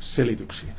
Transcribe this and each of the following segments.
selityksiin.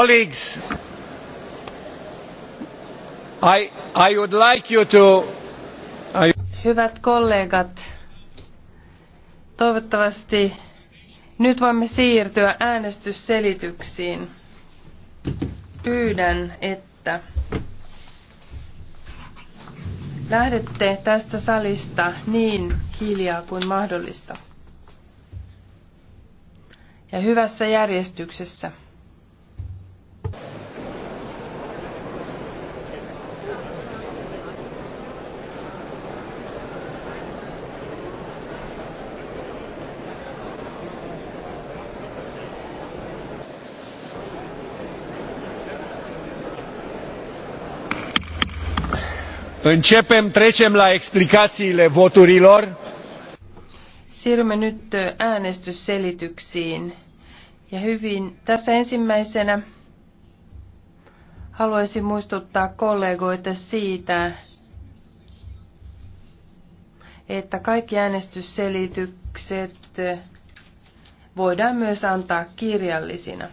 Colleagues, I, I would like you to... I... Hyvät kollegat, toivottavasti nyt voimme siirtyä äänestysselityksiin. Pyydän, että lähdette tästä salista niin hiljaa kuin mahdollista ja hyvässä järjestyksessä. Începem, trecem la explicațiile voturilor. Siirrymme nyt äänestysselityksiin. Ja hyvin, tässä ensimmäisenä haluaisin muistuttaa kollegoita siitä, että kaikki äänestysselitykset voidaan myös antaa kirjallisina.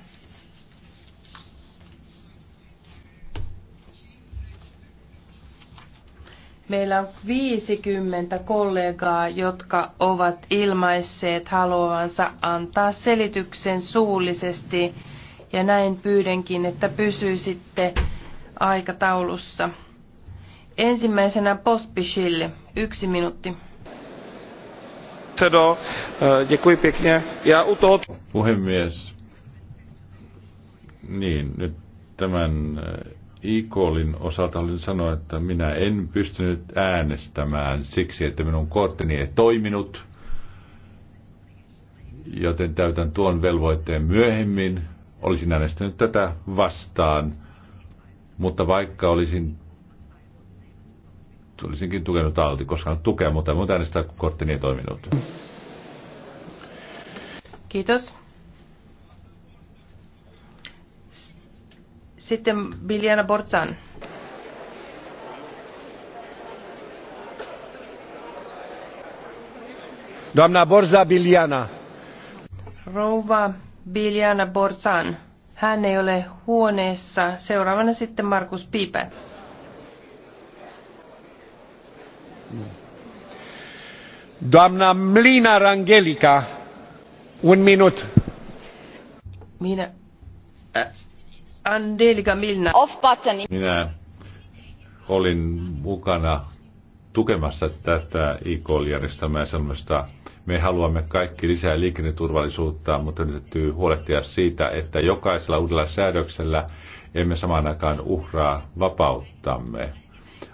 Meillä on 50 kollegaa, jotka ovat ilmaisseet haluavansa antaa selityksen suullisesti ja näin pyydenkin, että pysyisitte aikataulussa. Ensimmäisenä Postpishille Yksi minuutti. Eh, Puhemies, niin, nyt tämän eh, Ikolin osalta olin sanoa, että minä en pystynyt äänestämään siksi, että minun korttini ei toiminut, joten täytän tuon velvoitteen myöhemmin. Olisin äänestänyt tätä vastaan, mutta vaikka olisin olisinkin tukenut Alti, koska on tukea, mutta en äänestää, kun korttini ei toiminut. Kiitos. Sitten Biljana Borzan. Doamna Borza Biljana. Rouva Biljana Borzan. Hän ei ole huoneessa. Seuraavana sitten Markus Piipä. Doamna Mlina Rangelica, un minut. Minä Angelika Milna. Off button. Minä olin mukana tukemassa tätä ikl järjestelmää sellaista me haluamme kaikki lisää liikenneturvallisuutta, mutta nyt täytyy huolehtia siitä, että jokaisella uudella säädöksellä emme samaan aikaan uhraa vapauttamme.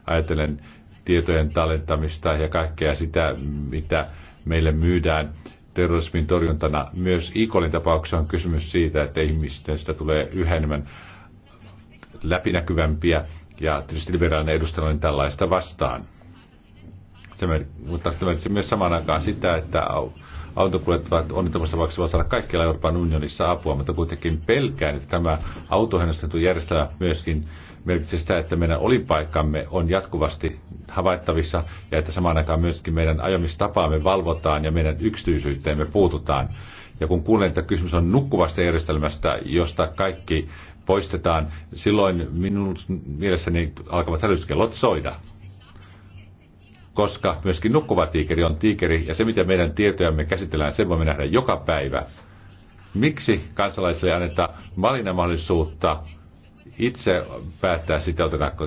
Ajattelen tietojen tallentamista ja kaikkea sitä, mitä meille myydään terrorismin torjuntana. Myös Ikolin tapauksessa on kysymys siitä, että ihmisten sitä tulee yhä enemmän läpinäkyvämpiä ja tietysti liberaalinen on tällaista vastaan. Se, mutta se myös samaan aikaan sitä, että autokuljettajat onnettomuudesta voivat saada kaikkialla Euroopan unionissa apua, mutta kuitenkin pelkään, että tämä autohennostettu järjestelmä myöskin merkitsee sitä, että meidän olipaikkamme on jatkuvasti havaittavissa ja että samaan aikaan myöskin meidän ajamistapaamme valvotaan ja meidän yksityisyyteemme puututaan. Ja kun kuulen, että kysymys on nukkuvasta järjestelmästä, josta kaikki poistetaan, silloin minun mielessäni alkavat hälytyskellot soida koska myöskin nukkuva tiikeri on tiikeri, ja se, miten meidän tietojamme käsitellään, sen voimme nähdä joka päivä. Miksi kansalaisille anneta valinnanmahdollisuutta itse päättää sitä, otetaanko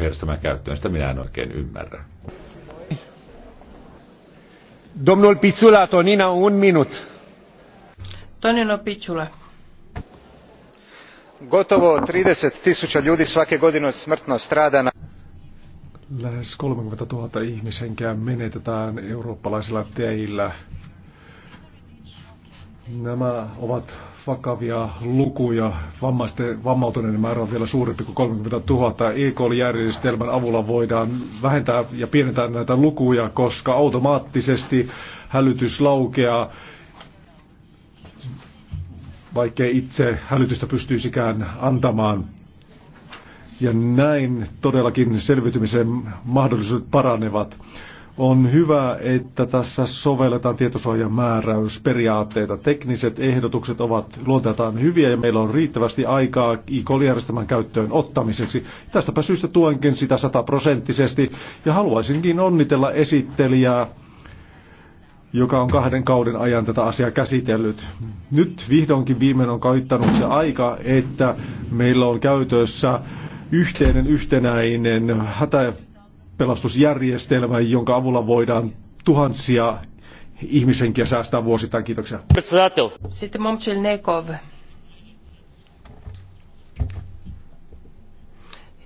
järjestelmän käyttöön, sitä minä en oikein ymmärrä. Domnul Pizzula, Tonina, un minut. Tonino Pizzula. Gotovo 30 000 ljudi svake godine smrtno strada na Lähes 30 000 ihmishenkeä menetetään eurooppalaisilla teillä. Nämä ovat vakavia lukuja. Vammaisten, vammautuneiden määrä on vielä suurempi kuin 30 000. EKL-järjestelmän avulla voidaan vähentää ja pienentää näitä lukuja, koska automaattisesti hälytys laukeaa, vaikkei itse hälytystä pystyisikään antamaan ja näin todellakin selviytymisen mahdollisuudet paranevat. On hyvä, että tässä sovelletaan tietosuojamääräysperiaatteita. Tekniset ehdotukset ovat luonteeltaan hyviä ja meillä on riittävästi aikaa IKOL-järjestelmän käyttöön ottamiseksi. Tästäpä syystä tuenkin sitä sataprosenttisesti ja haluaisinkin onnitella esittelijää joka on kahden kauden ajan tätä asiaa käsitellyt. Nyt vihdoinkin viimein on kaittanut se aika, että meillä on käytössä yhteinen, yhtenäinen hätäpelastusjärjestelmä, jonka avulla voidaan tuhansia ihmisenkiä säästää vuosittain. Kiitoksia. Sitten Nekov.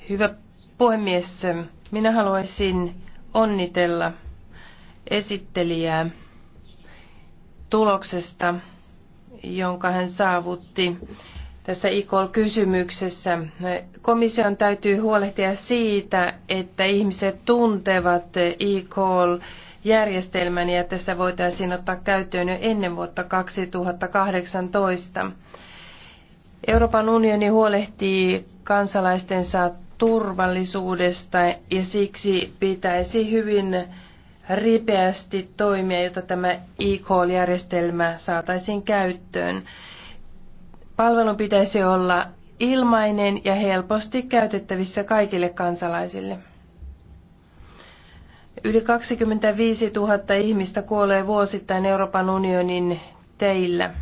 Hyvä puhemies, minä haluaisin onnitella esittelijää tuloksesta, jonka hän saavutti tässä ICOL-kysymyksessä. Komission täytyy huolehtia siitä, että ihmiset tuntevat ICOL-järjestelmän ja tässä voitaisiin ottaa käyttöön jo ennen vuotta 2018. Euroopan unioni huolehtii kansalaistensa turvallisuudesta ja siksi pitäisi hyvin ripeästi toimia, jotta tämä e järjestelmä saataisiin käyttöön. Palvelun pitäisi olla ilmainen ja helposti käytettävissä kaikille kansalaisille. Yli 25 000 ihmistä kuolee vuosittain Euroopan unionin teillä.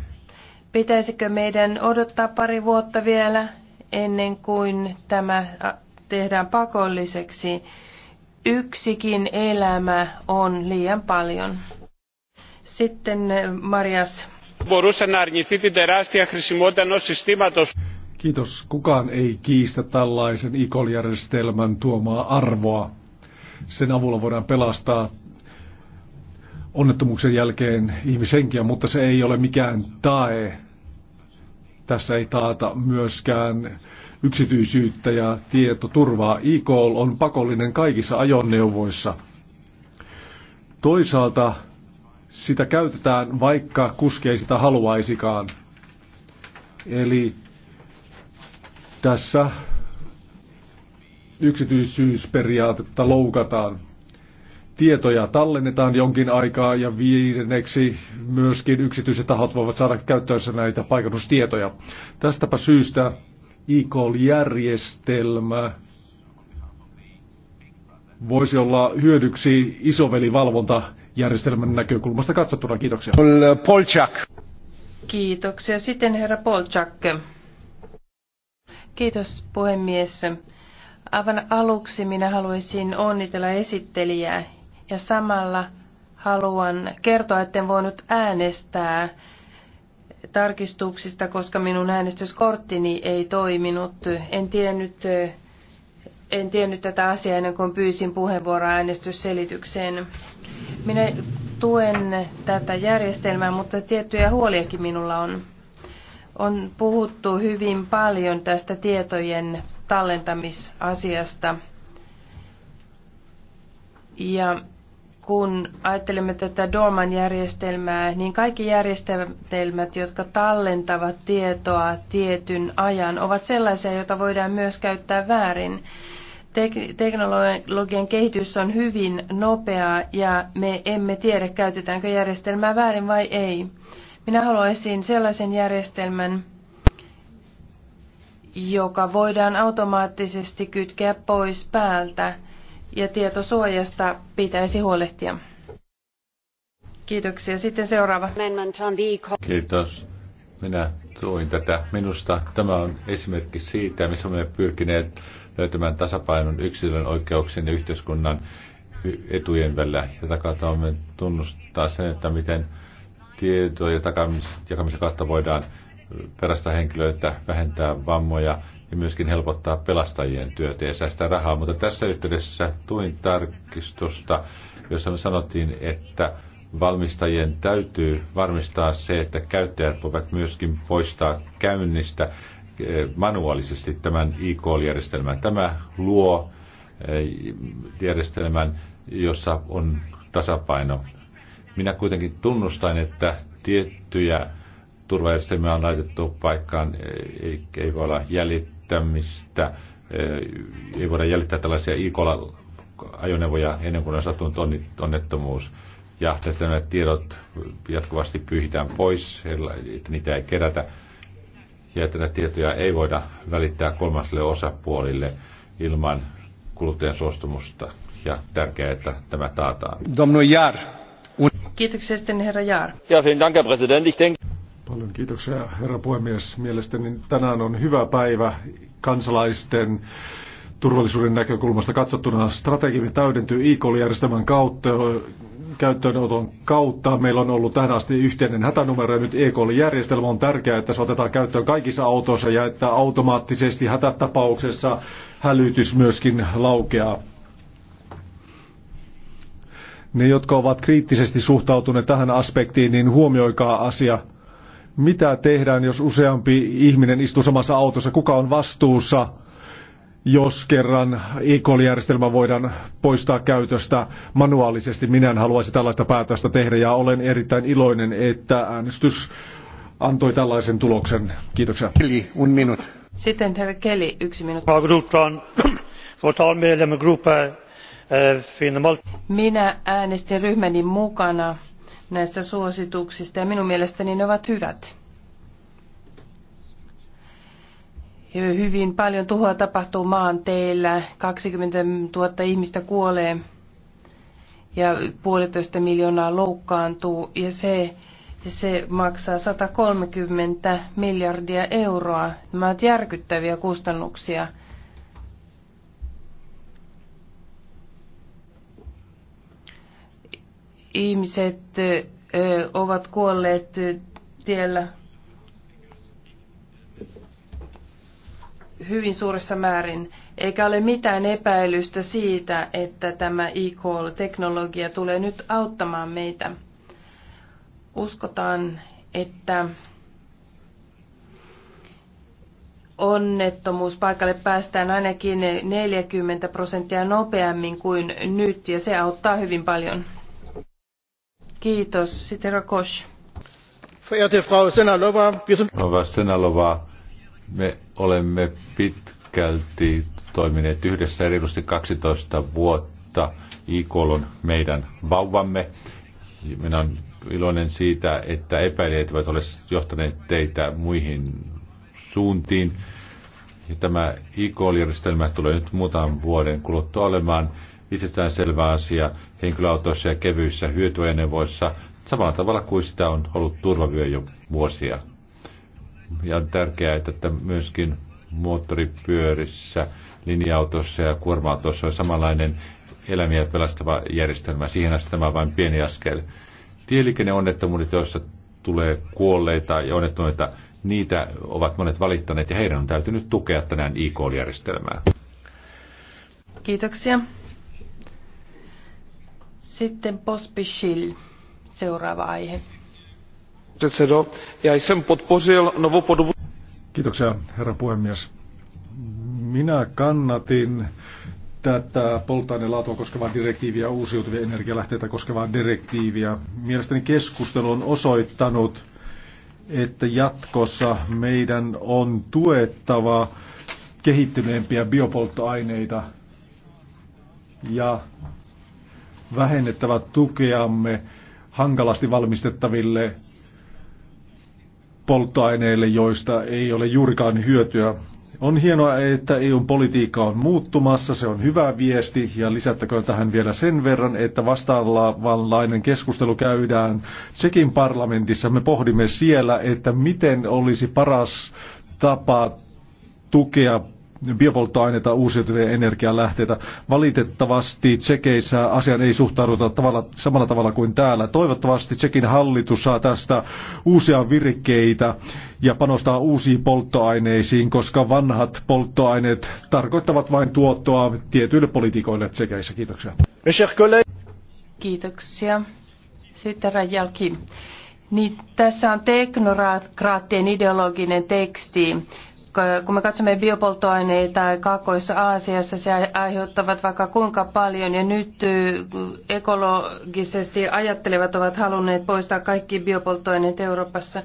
Pitäisikö meidän odottaa pari vuotta vielä ennen kuin tämä tehdään pakolliseksi? Yksikin elämä on liian paljon. Sitten Marias μπορούσε να αρνηθεί την τεράστια χρησιμότητα ενός συστήματος. Kiitos. Kukaan ei kiistä tällaisen ikoljärjestelmän tuomaa arvoa. Sen avulla voidaan pelastaa onnettomuuksen jälkeen ihmishenkiä, mutta se ei ole mikään tae. Tässä ei taata myöskään yksityisyyttä ja tietoturvaa. e on pakollinen kaikissa ajoneuvoissa. Toisaalta sitä käytetään, vaikka kuski ei sitä haluaisikaan. Eli tässä yksityisyysperiaatetta loukataan. Tietoja tallennetaan jonkin aikaa ja viidenneksi myöskin yksityiset tahot voivat saada käyttöönsä näitä paikannustietoja. Tästäpä syystä e-call-järjestelmä voisi olla hyödyksi isovelivalvonta järjestelmän näkökulmasta katsottuna. Kiitoksia. Polchak. Kiitoksia. Sitten herra Polchak. Kiitos puhemies. Aivan aluksi minä haluaisin onnitella esittelijää ja samalla haluan kertoa, etten voinut äänestää tarkistuksista, koska minun äänestyskorttini ei toiminut. En tiennyt, en tiennyt tätä asiaa ennen kuin pyysin puheenvuoroa äänestysselitykseen. Minä tuen tätä järjestelmää, mutta tiettyjä huoliakin minulla on. On puhuttu hyvin paljon tästä tietojen tallentamisasiasta. Ja kun ajattelemme tätä Dorman-järjestelmää, niin kaikki järjestelmät, jotka tallentavat tietoa tietyn ajan, ovat sellaisia, joita voidaan myös käyttää väärin teknologian kehitys on hyvin nopeaa ja me emme tiedä, käytetäänkö järjestelmää väärin vai ei. Minä haluaisin sellaisen järjestelmän, joka voidaan automaattisesti kytkeä pois päältä ja tietosuojasta pitäisi huolehtia. Kiitoksia. Sitten seuraava. Kiitos. Minä tuin tätä. Minusta tämä on esimerkki siitä, missä me pyrkineet löytämään tasapainon yksilön oikeuksien ja yhteiskunnan etujen välillä. Ja takaa me tunnustaa sen, että miten ja jakamisen kautta voidaan perästä henkilöitä, vähentää vammoja ja myöskin helpottaa pelastajien työtä ja säästää rahaa. Mutta tässä yhteydessä tuin tarkistusta, jossa me sanottiin, että valmistajien täytyy varmistaa se, että käyttäjät voivat myöskin poistaa käynnistä manuaalisesti tämän ikl järjestelmän Tämä luo eh, järjestelmän, jossa on tasapaino. Minä kuitenkin tunnustan, että tiettyjä turvajärjestelmiä on laitettu paikkaan, eh, ei, ei voi olla jäljittämistä, eh, ei voida jäljittää tällaisia ikl ajoneuvoja ennen kuin on sattunut onnettomuus. Ja nämä tiedot jatkuvasti pyyhitään pois, että niitä ei kerätä ja että näitä tietoja ei voida välittää kolmasille osapuolille ilman kuluttajan suostumusta. Ja tärkeää, että tämä taataan. Domno Jaar. Kiitoksia sitten herra Jaar. Ja, vielä dank, herr Ich Paljon kiitoksia, herra puhemies. Mielestäni tänään on hyvä päivä kansalaisten turvallisuuden näkökulmasta katsottuna. Strategiamme täydentyy e järjestelmän kautta, käyttöönoton kautta. Meillä on ollut tähän asti yhteinen hätänumero ja nyt EKL-järjestelmä on tärkeää, että se otetaan käyttöön kaikissa autoissa ja että automaattisesti hätätapauksessa hälytys myöskin laukeaa. Ne, jotka ovat kriittisesti suhtautuneet tähän aspektiin, niin huomioikaa asia. Mitä tehdään, jos useampi ihminen istuu samassa autossa? Kuka on vastuussa? jos kerran e-call-järjestelmä voidaan poistaa käytöstä manuaalisesti. Minä en haluaisi tällaista päätöstä tehdä ja olen erittäin iloinen, että äänestys antoi tällaisen tuloksen. Kiitoksia. Kelly, un minut. Sitten herra Kelly, yksi minuutti. Eh, eh, minä äänestin ryhmäni mukana näistä suosituksista ja minun mielestäni ne ovat hyvät. Hyvin paljon tuhoa tapahtuu maan teillä. 20 000 ihmistä kuolee ja puolitoista miljoonaa loukkaantuu ja se, se maksaa 130 miljardia euroa. Nämä ovat järkyttäviä kustannuksia. Ihmiset ovat kuolleet tiellä hyvin suuressa määrin, eikä ole mitään epäilystä siitä, että tämä e-call-teknologia tulee nyt auttamaan meitä. Uskotaan, että onnettomuus paikalle päästään ainakin 40 prosenttia nopeammin kuin nyt, ja se auttaa hyvin paljon. Kiitos. Sitten Rakosh. Verehrte Frau Senalova, wir sind... Frau Senalova, me olemme pitkälti toimineet yhdessä reilusti 12 vuotta. IK on meidän vauvamme. Minä olen iloinen siitä, että epäilijät eivät ole johtaneet teitä muihin suuntiin. Ja tämä ik järjestelmä tulee nyt muutaman vuoden kuluttua olemaan selvä asia henkilöautoissa ja kevyissä hyötyajoneuvoissa samalla tavalla kuin sitä on ollut turvavyö jo vuosia. Ja on tärkeää, että myöskin moottoripyörissä, linja-autossa ja kuorma-autossa on samanlainen elämiä pelastava järjestelmä. Siihen asti tämä on vain pieni askel. Tieliikenneonnettomuudet, joissa tulee kuolleita ja onnettomuutta. niitä ovat monet valittaneet ja heidän on täytynyt tukea tänään IK-järjestelmää. Kiitoksia. Sitten Schill, seuraava aihe předsedo já jsem podpořil novou podobu. Kiitoksia herra puhemies. Minä kannatin tätä polttoainelaatua koskevaa direktiiviä ja uusiutuvia energialähteitä koskevaa direktiiviä. Mielestäni keskustelu on osoittanut, että jatkossa meidän on tuettava kehittyneempiä biopolttoaineita ja vähennettävä tukeamme hankalasti valmistettaville polttoaineille, joista ei ole juurikaan hyötyä. On hienoa, että EUn politiikka on muuttumassa, se on hyvä viesti ja lisättäköön tähän vielä sen verran, että vastaavanlainen keskustelu käydään Tsekin parlamentissa. Me pohdimme siellä, että miten olisi paras tapa tukea biopolttoaineita, uusiutuvia energialähteitä. Valitettavasti Tsekeissä asiaan ei suhtauduta tavalla, samalla tavalla kuin täällä. Toivottavasti Tsekin hallitus saa tästä uusia virikkeitä ja panostaa uusiin polttoaineisiin, koska vanhat polttoaineet tarkoittavat vain tuottoa tietyille politiikoille Tsekeissä. Kiitoksia. Kiitoksia. Sitten Rajalki. Niin, tässä on teknokraattien ideologinen teksti kun me katsomme biopolttoaineita Kaakkois-Aasiassa, se aiheuttavat vaikka kuinka paljon. Ja nyt ekologisesti ajattelevat ovat halunneet poistaa kaikki biopolttoaineet Euroopassa.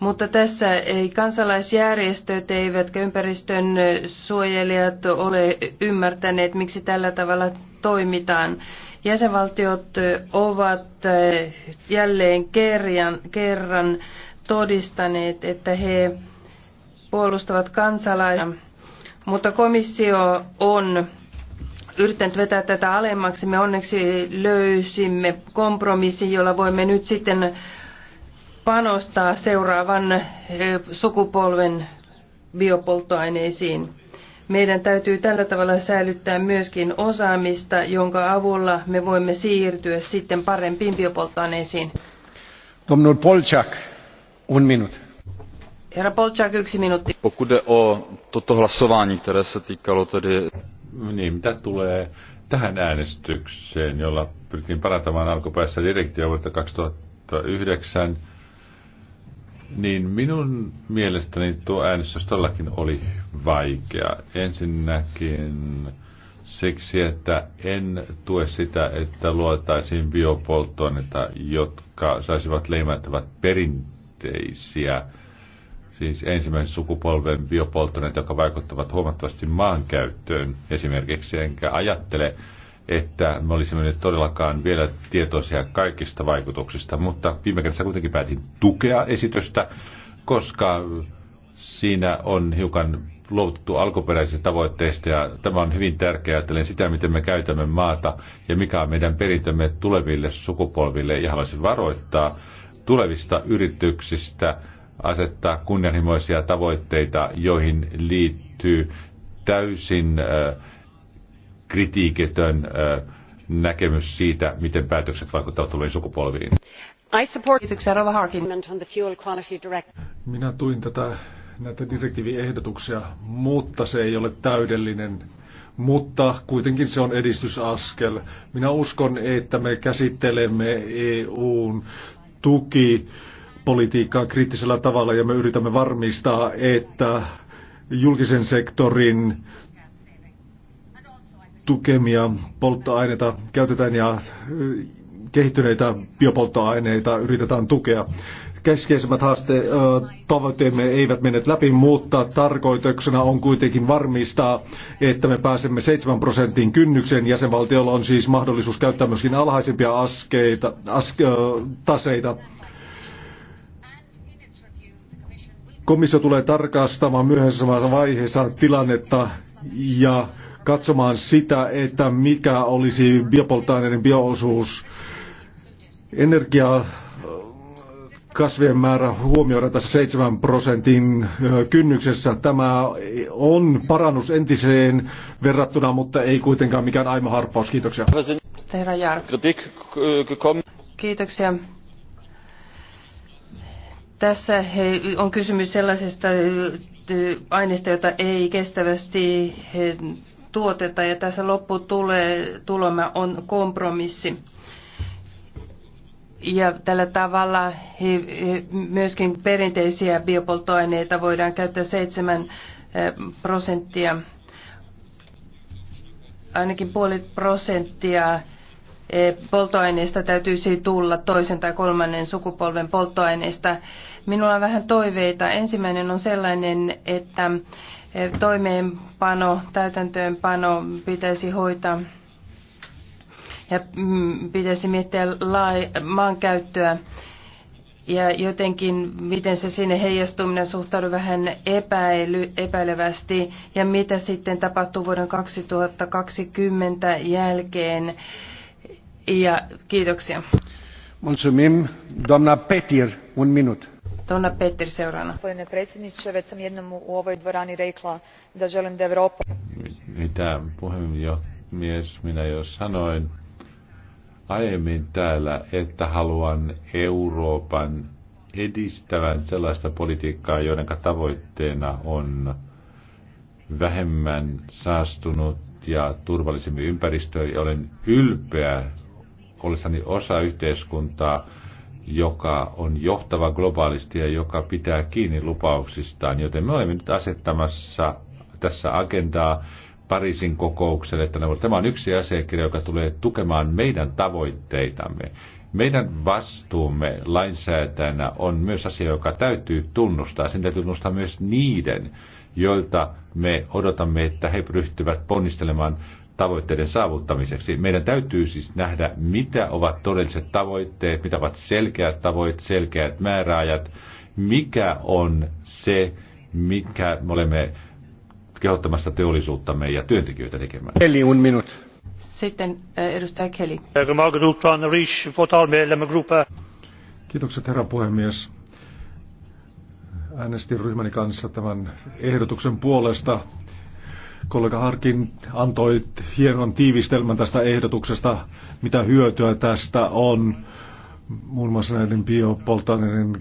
Mutta tässä ei kansalaisjärjestöt eivätkä ympäristön suojelijat ole ymmärtäneet, miksi tällä tavalla toimitaan. Jäsenvaltiot ovat jälleen kerran, kerran todistaneet, että he puolustavat kansalaisia, mutta komissio on yrittänyt vetää tätä alemmaksi. Me onneksi löysimme kompromissin, jolla voimme nyt sitten panostaa seuraavan eh, sukupolven biopolttoaineisiin. Meidän täytyy tällä tavalla säilyttää myöskin osaamista, jonka avulla me voimme siirtyä sitten parempiin biopolttoaineisiin. Domnul Polchak, un minut Herra Polčák, yksi minuutti. Pokud jde o toto hlasování, které se týkalo tedy... No niin, mitä tulee tähän äänestykseen, jolla pyrittiin parantamaan alkupäässä direktiä vuotta 2009, niin minun mielestäni tuo äänestys todellakin oli vaikea. Ensinnäkin siksi, että en tue sitä, että luotaisiin biopolttoaineita, jotka saisivat leimättävät perinteisiä siis ensimmäisen sukupolven biopolttoaineet, jotka vaikuttavat huomattavasti maankäyttöön esimerkiksi, enkä ajattele, että me olisimme nyt todellakaan vielä tietoisia kaikista vaikutuksista, mutta viime kädessä kuitenkin päätin tukea esitystä, koska siinä on hiukan luovuttu alkuperäisistä tavoitteista ja tämä on hyvin tärkeää ajatellen sitä, miten me käytämme maata ja mikä on meidän perintömme tuleville sukupolville ja haluaisin varoittaa tulevista yrityksistä, asettaa kunnianhimoisia tavoitteita, joihin liittyy täysin kritiiketön näkemys siitä, miten päätökset vaikuttavat tuleviin sukupolviin. I support... Minä tuin tätä, näitä direktiiviehdotuksia, mutta se ei ole täydellinen mutta kuitenkin se on edistysaskel. Minä uskon, että me käsittelemme EUn tuki politiikkaa kriittisellä tavalla ja me yritämme varmistaa, että julkisen sektorin tukemia polttoaineita käytetään ja kehittyneitä biopolttoaineita yritetään tukea. Keskeisimmät haaste, tavoitteemme eivät mene läpi, mutta tarkoituksena on kuitenkin varmistaa, että me pääsemme 7 prosentin kynnykseen. Jäsenvaltiolla on siis mahdollisuus käyttää myöskin alhaisempia askeita, aske, taseita Komissio tulee tarkastamaan myöhemmässä vaiheessa tilannetta ja katsomaan sitä, että mikä olisi biopolttoaineiden bioosuus energiaa äh, kasvien määrä huomioida tässä 7 prosentin äh, kynnyksessä. Tämä on parannus entiseen verrattuna, mutta ei kuitenkaan mikään aimo harppaus. Kiitoksia. Äh, Kiitoksia. Tässä on kysymys sellaisesta aineesta, jota ei kestävästi tuoteta ja tässä lopputulema on kompromissi. Ja tällä tavalla myöskin perinteisiä biopolttoaineita voidaan käyttää 7 prosenttia, ainakin puoli prosenttia polttoaineista täytyisi tulla toisen tai kolmannen sukupolven polttoaineista. Minulla on vähän toiveita. Ensimmäinen on sellainen, että e, toimeenpano, täytäntöönpano pitäisi hoitaa ja mm, pitäisi miettiä maankäyttöä ja jotenkin miten se sinne heijastuminen suhtaudu vähän epäily, epäilevästi ja mitä sitten tapahtuu vuoden 2020 jälkeen ja kiitoksia. Mulțumim. Doamna Petir, un minut. Doamna Petir, seuraavana. Gospodine predsjedniče, već sam jednom u ovoj dvorani rekla da želim da Mitä puhemies minä jo sanoin aiemmin täällä, että haluan Euroopan edistävän sellaista politiikkaa, joiden tavoitteena on vähemmän saastunut ja turvallisempi ympäristö. Ja olen ylpeä ollessani osa yhteiskuntaa, joka on johtava globaalisti ja joka pitää kiinni lupauksistaan. Joten me olemme nyt asettamassa tässä agendaa Pariisin kokoukselle, että tämä on yksi asiakirja, joka tulee tukemaan meidän tavoitteitamme. Meidän vastuumme lainsäätäjänä on myös asia, joka täytyy tunnustaa. Sen täytyy tunnustaa myös niiden, joilta me odotamme, että he ryhtyvät ponnistelemaan tavoitteiden saavuttamiseksi. Meidän täytyy siis nähdä, mitä ovat todelliset tavoitteet, mitä ovat selkeät tavoitteet, selkeät määräajat, mikä on se, mikä me olemme kehottamassa teollisuuttamme ja työntekijöitä tekemään. Eli un minut. Sitten äh, edustaja Kelly. Kiitokset herra puhemies. Äänestin ryhmäni kanssa tämän ehdotuksen puolesta Kollega Harkin antoi hienon tiivistelmän tästä ehdotuksesta, mitä hyötyä tästä on muun muassa näiden biopolttoaineiden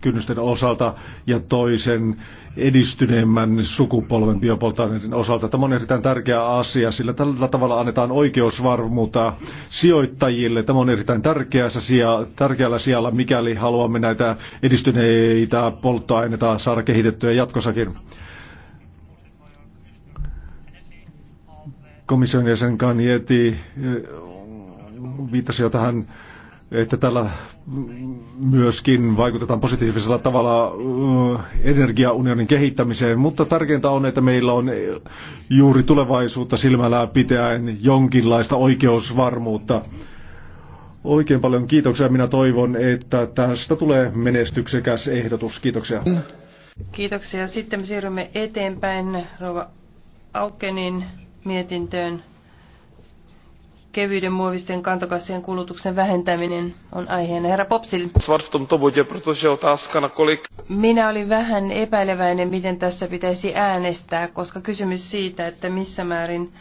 kynnysten osalta ja toisen edistyneemmän sukupolven biopolttoaineiden osalta. Tämä on erittäin tärkeä asia, sillä tällä tavalla annetaan oikeusvarmuutta sijoittajille. Tämä on erittäin tärkeässä sija, tärkeällä sijalla, mikäli haluamme näitä edistyneitä polttoaineita saada kehitettyä jatkossakin. Komission jäsen Kanjeti eh, viittasi jo tähän, että tällä myöskin vaikutetaan positiivisella tavalla eh, energiaunionin kehittämiseen, mutta tärkeintä on, että meillä on eh, juuri tulevaisuutta silmällä pitäen jonkinlaista oikeusvarmuutta. Oikein paljon kiitoksia. Minä toivon, että tästä tulee menestyksekäs ehdotus. Kiitoksia. Kiitoksia. Sitten me siirrymme eteenpäin Rova Aukenin mietintöön. Kevyiden muovisten kantokassien kulutuksen vähentäminen on aiheena. Herra Popsil. Minä olin vähän epäileväinen, miten tässä pitäisi äänestää, koska kysymys siitä, että missä määrin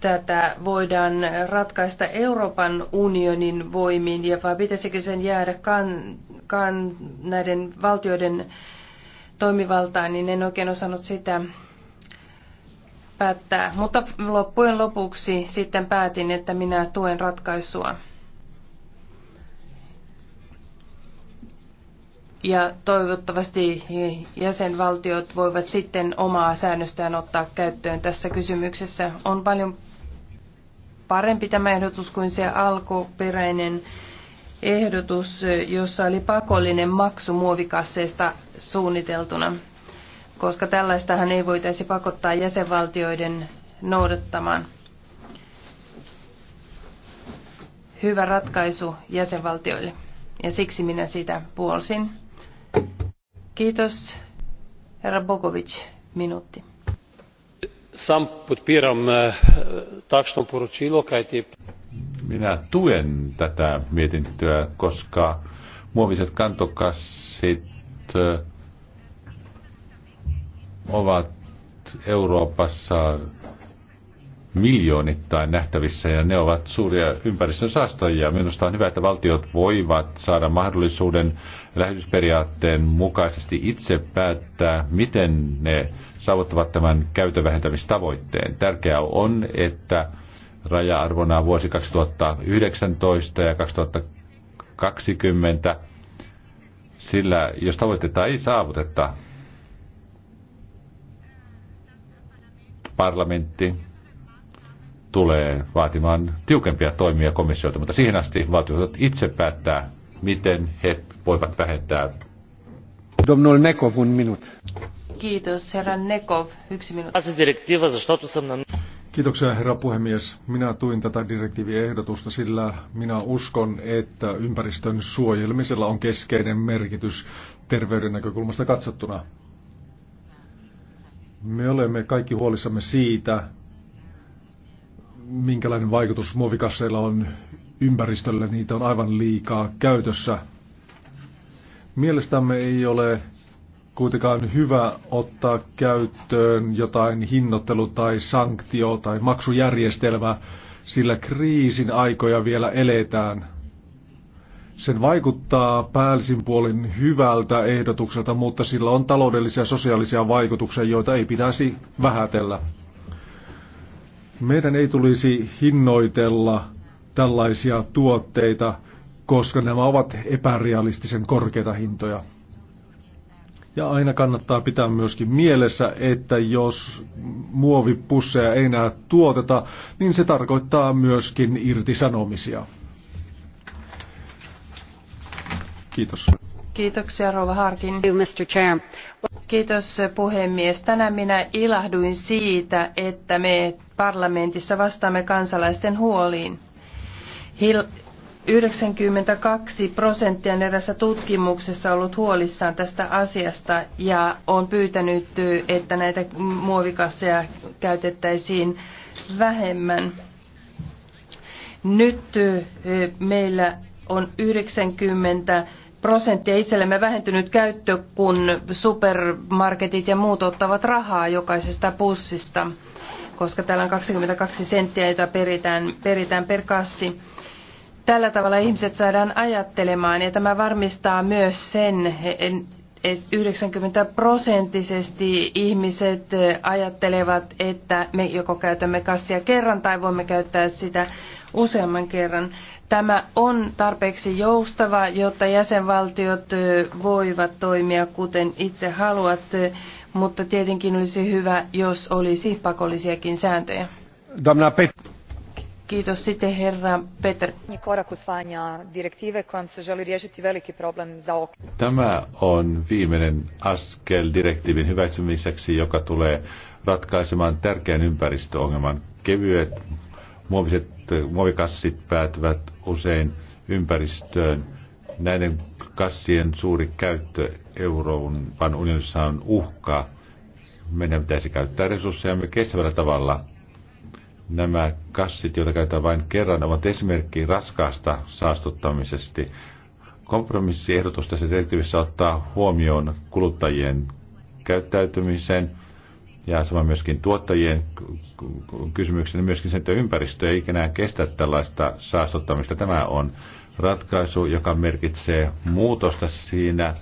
tätä voidaan ratkaista Euroopan unionin voimin, ja vai pitäisikö sen jäädä kan, kan, näiden valtioiden toimivaltaan, niin en oikein osannut sitä päättää. Mutta loppujen lopuksi sitten päätin, että minä tuen ratkaisua. Ja toivottavasti jäsenvaltiot voivat sitten omaa säännöstään ottaa käyttöön tässä kysymyksessä. On paljon parempi tämä ehdotus kuin se alkuperäinen ehdotus, jossa oli pakollinen maksu muovikasseista suunniteltuna koska tällaistahan ei voitaisi pakottaa jäsenvaltioiden noudattamaan. Hyvä ratkaisu jäsenvaltioille ja siksi minä sitä puolsin. Kiitos, herra Bogovic, minuutti. Sam podpiram eh, takšno poročilo, Minä tuen tätä mietintöä, koska muoviset kantokassit eh, ovat Euroopassa miljoonittain nähtävissä ja ne ovat suuria ympäristön saastajia. Minusta on hyvä, että valtiot voivat saada mahdollisuuden lähetysperiaatteen mukaisesti itse päättää, miten ne saavuttavat tämän käytön vähentämistavoitteen. Tärkeää on, että raja-arvona vuosi 2019 ja 2020, sillä jos tavoitetta ei saavuteta, parlamentti tulee vaatimaan tiukempia toimia komissiolta, mutta siihen asti valtiot itse päättää, miten he voivat vähentää. Domnul Nekov, un minut. Kiitos, herra Nekov. Yksi minuutti. Kiitoksia, herra puhemies. Minä tuin tätä direktiiviehdotusta, sillä minä uskon, että ympäristön suojelemisella on keskeinen merkitys terveyden näkökulmasta katsottuna. Me olemme kaikki huolissamme siitä, minkälainen vaikutus muovikasseilla on ympäristölle. Niitä on aivan liikaa käytössä. Mielestämme ei ole kuitenkaan hyvä ottaa käyttöön jotain hinnoittelu- tai sanktio- tai maksujärjestelmää, sillä kriisin aikoja vielä eletään – sen vaikuttaa päällisin puolin hyvältä ehdotukselta, mutta sillä on taloudellisia ja sosiaalisia vaikutuksia, joita ei pitäisi vähätellä. Meidän ei tulisi hinnoitella tällaisia tuotteita, koska nämä ovat epärealistisen korkeita hintoja. Ja aina kannattaa pitää myöskin mielessä, että jos muovipusseja ei enää tuoteta, niin se tarkoittaa myöskin irtisanomisia. Kiitos. Kiitoksia, Rova Harkin. Kiitos, eh, puhemies. Tänään minä ilahduin siitä, että me parlamentissa vastaamme kansalaisten huoliin. Hil- 92 prosenttia on erässä tutkimuksessa ollut huolissaan tästä asiasta ja on pyytänyt, eh, että näitä muovikasseja käytettäisiin vähemmän. Nyt eh, meillä on 90 prosenttia itsellemme vähentynyt käyttö, kun supermarketit ja muut ottavat rahaa jokaisesta pussista, koska täällä on 22 senttiä, jota peritään, peritään per kassi. Tällä tavalla ihmiset saadaan ajattelemaan ja tämä varmistaa myös sen, että 90 prosenttisesti ihmiset ajattelevat, että me joko käytämme kassia kerran tai voimme käyttää sitä useamman kerran. Tämä on tarpeeksi joustava, jotta jäsenvaltiot voivat toimia kuten itse haluat, mutta tietenkin olisi hyvä, jos olisi pakollisiakin sääntöjä. Pet- Kiitos sitten herra Peter. Korak direktive se problem za Tämä on viimeinen askel direktiivin hyväksymiseksi, joka tulee ratkaisemaan tärkeän ympäristöongelman. Kevyet muoviset muovikassit päätyvät usein ympäristöön. Näiden kassien suuri käyttö Euroopan unionissa on uhka. Meidän pitäisi käyttää me kestävällä tavalla. Nämä kassit, joita käytetään vain kerran, ovat esimerkki raskaasta saastuttamisesta. Kompromissiehdotus tässä direktiivissä ottaa huomioon kuluttajien käyttäytymisen – ja sama myöskin tuottajien kysymyksenä niin myöskin sen, että ympäristö ei enää kestä tällaista saastuttamista. Tämä on ratkaisu, joka merkitsee muutosta siinä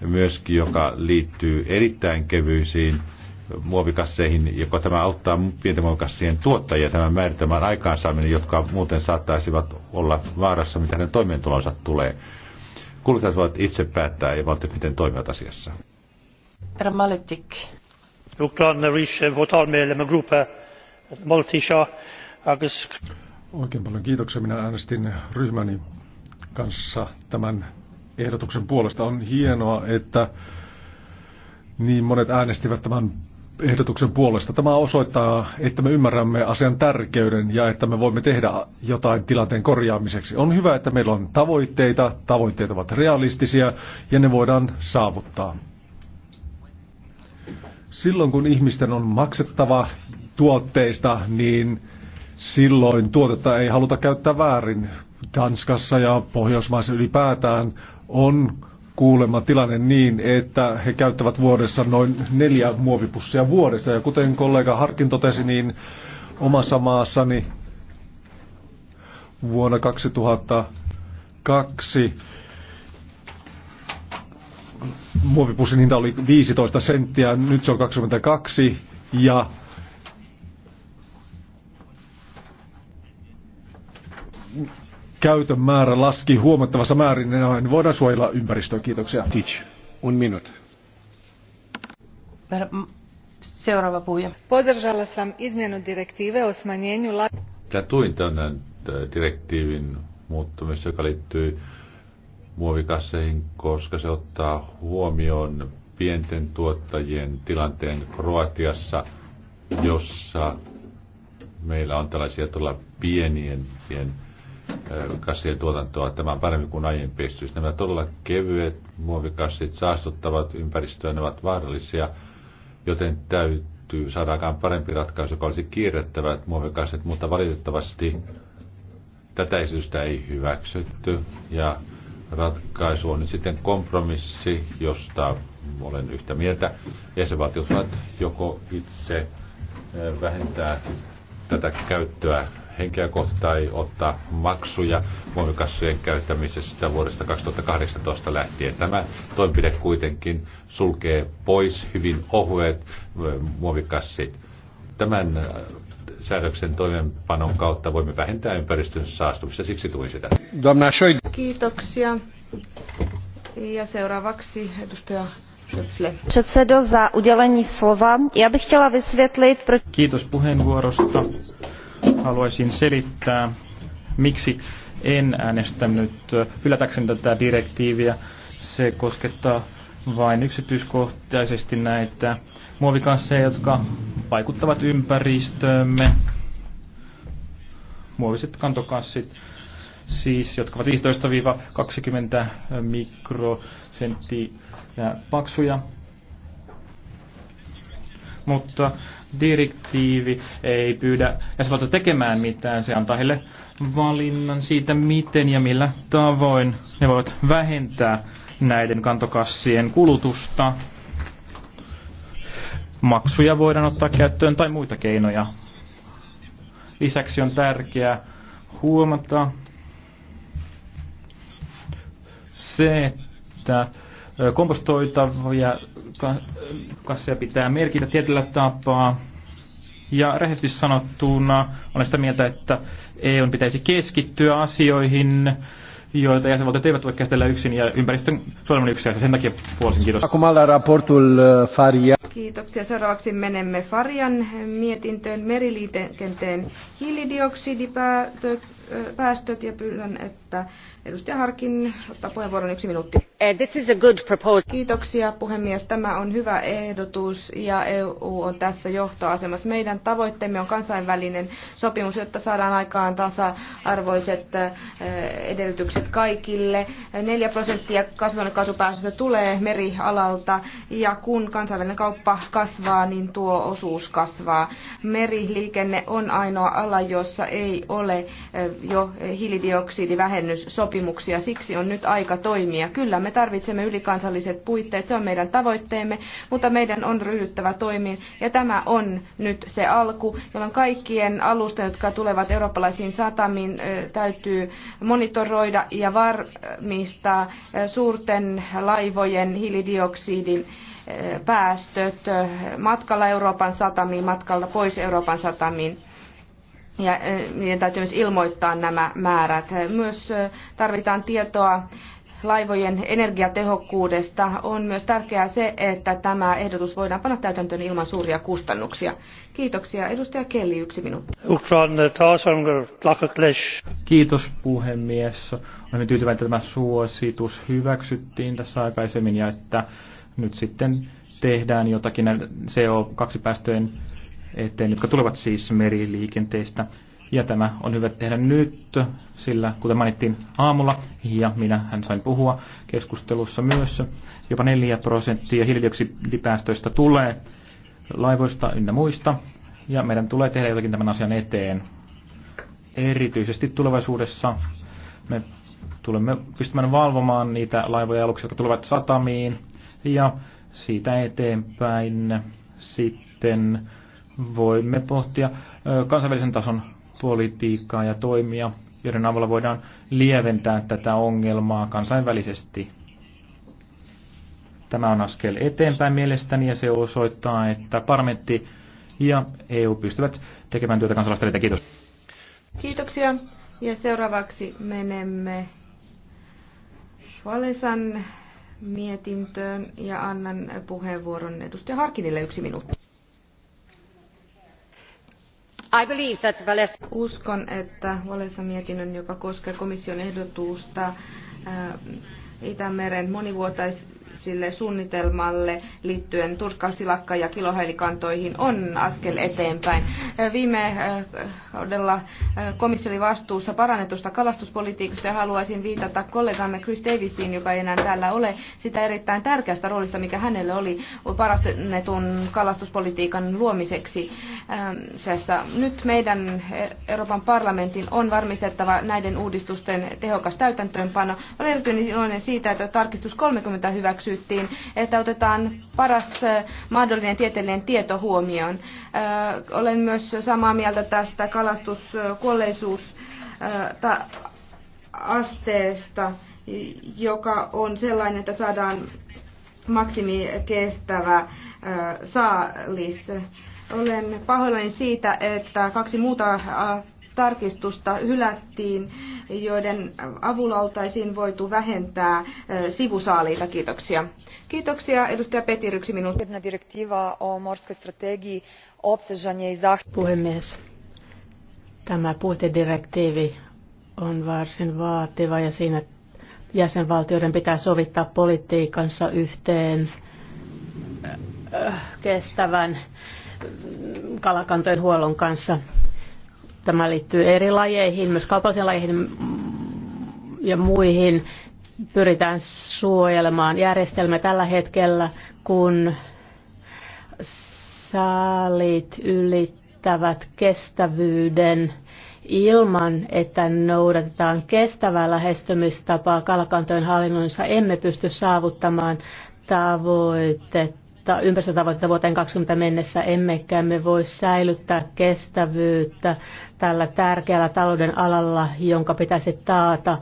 myöskin, joka liittyy erittäin kevyisiin muovikasseihin, joka tämä auttaa pienten muovikassien tuottajia tämän määritelmän aikaansaaminen, jotka muuten saattaisivat olla vaarassa, mitä ne toimeentulonsa tulee. Kuluttajat voivat itse päättää ja valtiot, miten toimivat asiassa. Herra Eh, Oikein paljon kiitoksia. Minä äänestin ryhmäni kanssa tämän ehdotuksen puolesta. On hienoa, että niin monet äänestivät tämän ehdotuksen puolesta. Tämä osoittaa, että me ymmärrämme asian tärkeyden ja että me voimme tehdä jotain tilanteen korjaamiseksi. On hyvä, että meillä on tavoitteita, tavoitteet ovat realistisia ja ne voidaan saavuttaa. Silloin kun ihmisten on maksettava tuotteista, niin silloin tuotetta ei haluta käyttää väärin. Tanskassa ja Pohjoismaissa ylipäätään on kuulemma tilanne niin, että he käyttävät vuodessa noin neljä muovipussia vuodessa. Ja kuten kollega Harkin totesi, niin omassa maassani vuonna 2002 muovipussin hinta oli 15 senttiä, nyt se on 22 ja käytön määrä laski huomattavassa määrin, niin voidaan suojella ympäristöä. Kiitoksia. Teach. Un minut. Seuraava puhuja. Podržala sam izmjenu direktive o smanjenju... Minä tuin tämän äh, direktiivin muuttumista, joka liittyy muovikasseihin, koska se ottaa huomioon pienten tuottajien tilanteen Kroatiassa, jossa meillä on tällaisia tuolla pienien, pienien kassien tuotantoa. tämän paremmin kuin aiempi esitys. Nämä todella kevyet muovikassit saastuttavat ympäristöä, ne ovat vaarallisia, joten täytyy saadaan parempi ratkaisu, joka olisi kiirettävät muovikassit, mutta valitettavasti tätä esitystä ei hyväksytty. Ja ratkaisu on nyt sitten kompromissi, josta olen yhtä mieltä. Jäsenvaltiot saat joko itse eh, vähentää tätä käyttöä henkeä kohti tai ottaa maksuja muovikassujen käyttämisestä vuodesta 2018 lähtien. Tämä toimenpide kuitenkin sulkee pois hyvin ohuet eh, muovikassit. Tämän eh, säädöksen toimeenpanon kautta voimme vähentää ympäristön saastumista. Siksi tuin sitä. Kiitoksia. Ja seuraavaksi edustaja Předsedo, za udělení slova. Já bych chtěla vysvětlit... Pro... Kiitos puheenvuorosta. Haluaisin selittää, miksi en äänestänyt hylätäkseni tätä direktiiviä. Se koskettaa vain yksityiskohtaisesti näitä muovikasseja, jotka vaikuttavat ympäristöömme. Muoviset kantokassit, siis, jotka ovat 15-20 mikrosenttiä paksuja. Mutta direktiivi ei pyydä jäsenvaltio tekemään mitään. Se antaa heille valinnan siitä, miten ja millä tavoin ne voivat vähentää näiden kantokassien kulutusta. Maksuja voidaan ottaa käyttöön tai muita keinoja. Lisäksi on tärkeää huomata se, että kompostoitavia kasseja pitää merkitä tietyllä tapaa. Ja rehellisesti sanottuna olen sitä mieltä, että EU pitäisi keskittyä asioihin, joita jäsenvaltiot eivät voi käsitellä yksin ja ympäristön suojelman yksin. Sen takia puolisin kiitos. Uh, Kiitoksia. Seuraavaksi menemme Farian mietintöön meriliikenteen hiilidioksidipäästöt ja pyydän, että edustaja Harkin ottaa puheenvuoron yksi minuutti. Eh, this is a good proposal. Kiitoksia puhemies. Tämä on hyvä ehdotus ja EU on tässä johtoasemassa. Meidän tavoitteemme on kansainvälinen sopimus, jotta saadaan aikaan tasa-arvoiset eh, edellytykset kaikille. 4 prosenttia kasvihuonekaasupäästöistä tulee merialalta ja kun kansainvälinen kauppa kasvaa, niin tuo osuus kasvaa. Meriliikenne on ainoa ala, jossa ei ole eh, jo hiilidioksidivähennyssopimuksia. Siksi on nyt aika toimia. Kyllä me tarvitsemme ylikansalliset puitteet, se on meidän tavoitteemme, mutta meidän on ryhdyttävä toimiin ja tämä on nyt se alku, jolloin kaikkien alusten, jotka tulevat eurooppalaisiin satamiin, täytyy monitoroida ja varmistaa suurten laivojen hiilidioksidin päästöt matkalla Euroopan satamiin, matkalla pois Euroopan satamiin. Ja niiden täytyy myös ilmoittaa nämä määrät. Myös tarvitaan tietoa laivojen energiatehokkuudesta, on myös tärkeää se, että tämä ehdotus voidaan panna täytäntöön ilman suuria kustannuksia. Kiitoksia. Edustaja Kelly, yksi minuutti. Kiitos puhemies. Olen tyytyväinen, että tämä suositus hyväksyttiin tässä aikaisemmin ja että nyt sitten tehdään jotakin CO2-päästöjen eteen, jotka tulevat siis meriliikenteestä. Ja tämä on hyvä tehdä nyt, sillä kuten mainittiin aamulla, ja minä hän sain puhua keskustelussa myös, jopa 4 prosenttia hiilidioksidipäästöistä tulee laivoista ynnä muista, ja meidän tulee tehdä jotakin tämän asian eteen. Erityisesti tulevaisuudessa me tulemme pystymään valvomaan niitä laivoja ja aluksia, jotka tulevat satamiin, ja siitä eteenpäin sitten voimme pohtia kansainvälisen tason politiikkaa ja toimia, joiden avulla voidaan lieventää tätä ongelmaa kansainvälisesti. Tämä on askel eteenpäin mielestäni ja se osoittaa, että parlamentti ja EU pystyvät tekemään työtä kansalaisten eteen. Kiitos. Kiitoksia. Ja seuraavaksi menemme Schwalesan mietintöön ja annan puheenvuoron edustaja Harkinille yksi minuutti. Uskon, että Valessa mietinnön, joka koskee komission ehdotusta Itämeren monivuotais sille suunnitelmalle liittyen turskasilakka- ja kilohailikantoihin on askel eteenpäin. Viime kaudella komissio oli vastuussa parannetusta kalastuspolitiikasta ja haluaisin viitata kollegamme Chris Davisiin, joka ei enää täällä ole, sitä erittäin tärkeästä roolista, mikä hänelle oli parastetun kalastuspolitiikan luomiseksi. Ähm, Nyt meidän e, Euroopan parlamentin on varmistettava näiden uudistusten tehokas täytäntöönpano. Olen erityisen iloinen siitä, että tarkistus 30 hyväksyy hyväksyttiin, että otetaan paras mahdollinen tieteellinen tieto huomioon. Olen myös samaa mieltä tästä kalastuskuolleisuus asteesta, joka on sellainen, että saadaan maksimikestävä saalis. Olen pahoillani siitä, että kaksi muuta tarkistusta hylättiin, joiden avulla oltaisiin voitu vähentää sivusaaliita. Kiitoksia. Kiitoksia. Edustaja Petir, yksi minuutti. Puhemies, tämä puitedirektiivi on varsin vaativa ja siinä jäsenvaltioiden pitää sovittaa politiikansa yhteen kestävän kalakantojen huollon kanssa. Tämä liittyy eri lajeihin, myös kaupallisiin lajeihin ja muihin. Pyritään suojelemaan järjestelmä tällä hetkellä, kun saalit ylittävät kestävyyden ilman, että noudatetaan kestävää lähestymistapaa kalakantojen hallinnoissa, emme pysty saavuttamaan tavoitetta ympäristötavoitteita vuoteen 20 mennessä, emmekä me voi säilyttää kestävyyttä tällä tärkeällä talouden alalla, jonka pitäisi taata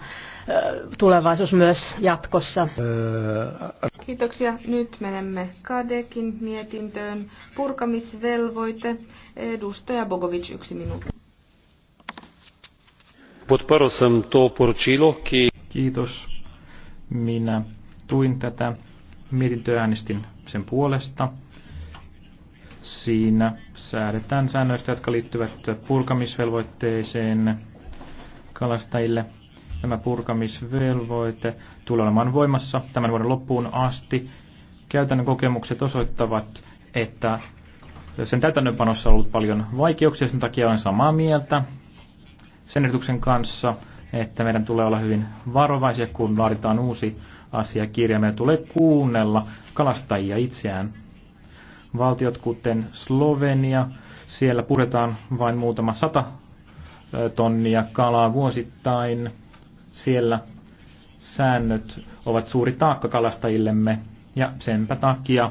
tulevaisuus myös jatkossa. Kiitoksia. Nyt menemme Kadekin mietintöön. Purkamisvelvoite. Edustaja Bogovic, yksi minuutti. Kiitos. Minä tuin tätä mietintöä äänestin sen puolesta. Siinä säädetään säännöistä, jotka liittyvät purkamisvelvoitteeseen kalastajille. Tämä purkamisvelvoite tulee olemaan voimassa tämän vuoden loppuun asti. Käytännön kokemukset osoittavat, että sen täytännönpanossa on ollut paljon vaikeuksia, sen takia olen samaa mieltä sen kanssa, että meidän tulee olla hyvin varovaisia, kun laaditaan uusi asiakirja. Meidän tulee kuunnella kalastajia itseään. Valtiot kuten Slovenia, siellä puretaan vain muutama sata tonnia kalaa vuosittain. Siellä säännöt ovat suuri taakka kalastajillemme ja senpä takia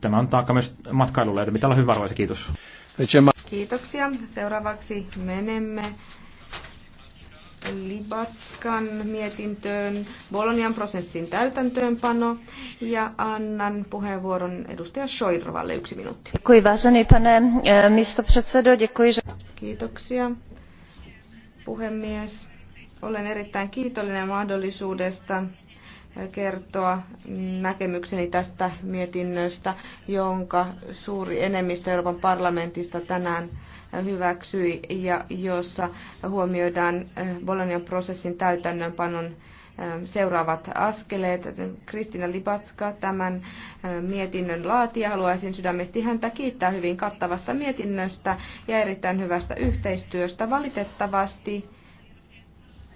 tämä on taakka myös matkailulle, Mitä olla hyvä arvoisa. Kiitos. Kiitoksia. Seuraavaksi menemme Libatskan mietintöön Bolonian prosessin täytäntöönpano ja annan puheenvuoron edustaja Soirvalle yksi minuutti. Eh, Kiitoksia puhemies. Olen erittäin kiitollinen mahdollisuudesta kertoa näkemykseni tästä mietinnöstä, jonka suuri enemmistö Euroopan parlamentista tänään hyväksyi ja jossa huomioidaan eh, Bolognan prosessin täytännönpanon eh, seuraavat askeleet. Kristina Libatska, tämän eh, mietinnön laatija, haluaisin sydämesti häntä kiittää hyvin kattavasta mietinnöstä ja erittäin hyvästä yhteistyöstä. Valitettavasti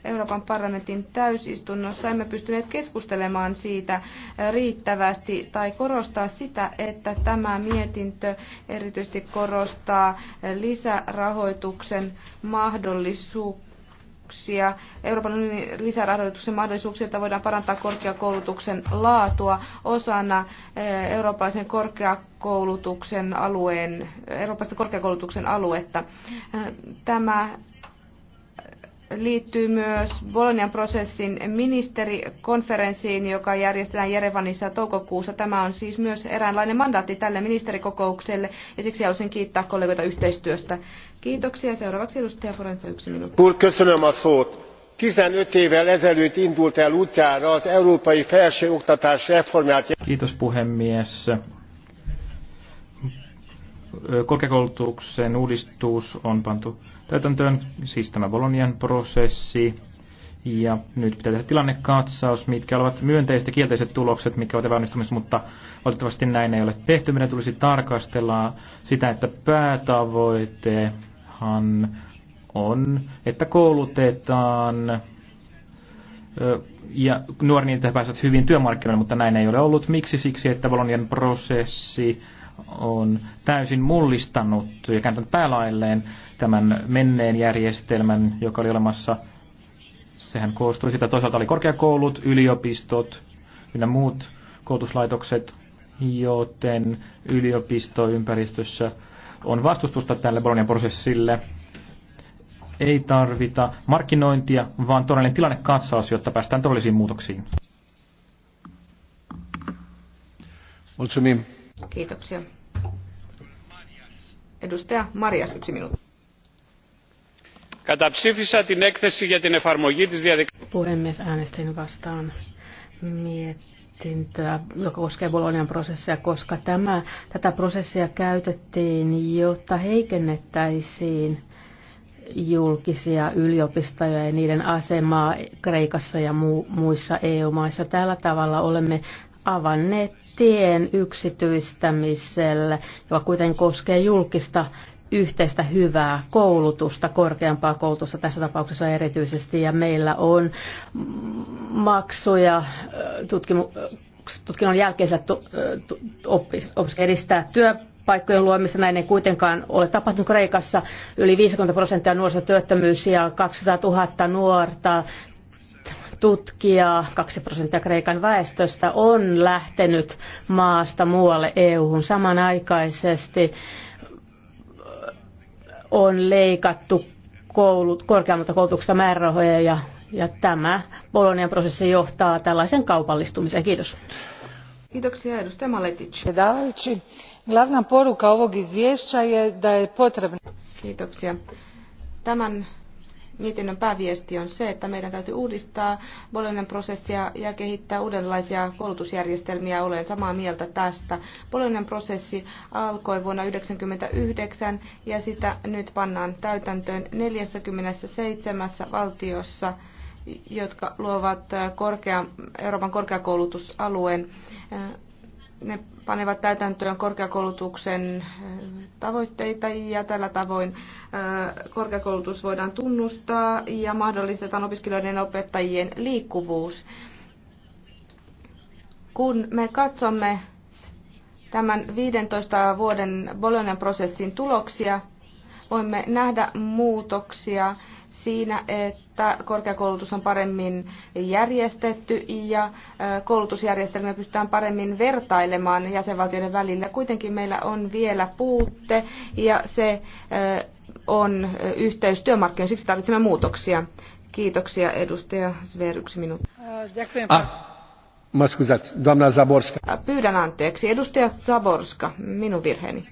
Euroopan parlamentin täysistunnossa emme pystyneet keskustelemaan siitä riittävästi tai korostaa sitä, että tämä mietintö erityisesti korostaa lisärahoituksen mahdollisuuksia, Euroopan unionin lisärahoituksen mahdollisuuksia, että voidaan parantaa korkeakoulutuksen laatua osana eh, eurooppalaisen korkeakoulutuksen alueen, eurooppalaista korkeakoulutuksen aluetta. Eh, tämä liittyy myös Bolonian prosessin ministerikonferenssiin, joka järjestetään Jerevanissa toukokuussa. Tämä on siis myös eräänlainen mandaatti tälle ministerikokoukselle ja siksi haluaisin kiittää kollegoita yhteistyöstä. Kiitoksia. Seuraavaksi edustaja Forenza yksi minuutti. 15 évvel ezelőtt indult el útjára az európai felsőoktatás reformját. Kiitos puhemies korkeakoulutuksen uudistus on pantu täytäntöön, siis tämä Bolonian prosessi. Ja nyt pitää tehdä tilannekatsaus, mitkä ovat myönteiset ja kielteiset tulokset, mitkä ovat epäonnistumiset, mutta valitettavasti näin ei ole tehty. Meidän tulisi tarkastella sitä, että päätavoitehan on, että koulutetaan ja nuori niitä pääsevät hyvin työmarkkinoille, mutta näin ei ole ollut. Miksi? Siksi, että Bolonian prosessi on täysin mullistanut ja kääntänyt päälailleen tämän menneen järjestelmän, joka oli olemassa. Sehän koostui sitä. Toisaalta oli korkeakoulut, yliopistot ja muut koulutuslaitokset, joten yliopistoympäristössä on vastustusta tälle Bolognan prosessille. Ei tarvita markkinointia, vaan todellinen tilannekatsaus, jotta päästään todellisiin muutoksiin. Mulțumim. Kiitoksia. Edustaja Marias, yksi minuutti. Καταψήφισα την έκθεση για την εφαρμογή της διαδικασίας. Puhemies äänestin vastaan mietintöä, joka koskee Bolonian prosessia, koska tämä, tätä prosessia käytettiin, jotta heikennettäisiin julkisia yliopistoja ja niiden asemaa Kreikassa ja mu- muissa EU-maissa. Tällä tavalla olemme avanneet tien yksityistämiselle, joka kuitenkin koskee julkista yhteistä hyvää koulutusta, korkeampaa koulutusta tässä tapauksessa erityisesti, ja meillä on maksuja tutkimu- tutkinnon jälkeisellä edistää työpaikkojen luomista. Näin ei kuitenkaan ole tapahtunut Kreikassa. Yli 50 prosenttia nuorisotyöttömyys ja 200 000 nuorta tutkijaa, 2 prosenttia Kreikan väestöstä, on lähtenyt maasta muualle EU-hun samanaikaisesti. On leikattu koulut, korkeammalta koulutuksesta määrärahoja ja, ja tämä Bolonian prosessi johtaa tällaisen kaupallistumiseen. Kiitos. Kiitoksia edustaja Maletic. Glavna poruka ovog izvješća je da je Kiitoksia. Tämän mietinnön pääviesti on se, että meidän täytyy uudistaa Bolognan prosessia ja kehittää uudenlaisia koulutusjärjestelmiä. Olen samaa mieltä tästä. Bolognan prosessi alkoi vuonna 1999 ja sitä nyt pannaan täytäntöön 47 valtiossa jotka luovat korkea, Euroopan korkeakoulutusalueen ne panevat täytäntöön korkeakoulutuksen äh, tavoitteita ja tällä tavoin äh, korkeakoulutus voidaan tunnustaa ja mahdollistetaan opiskelijoiden ja opettajien liikkuvuus. Kun me katsomme tämän 15 vuoden Bolognan prosessin tuloksia, voimme nähdä muutoksia siinä, että korkeakoulutus on paremmin järjestetty ja koulutusjärjestelmiä pystytään paremmin vertailemaan jäsenvaltioiden välillä. Kuitenkin meillä on vielä puutte ja se on yhteys työmarkkinoihin. Siksi tarvitsemme muutoksia. Kiitoksia edustaja Sver, yksi minuutti. Ah, mă Pyydän anteeksi. Edustaja Zaborska, minun virheeni.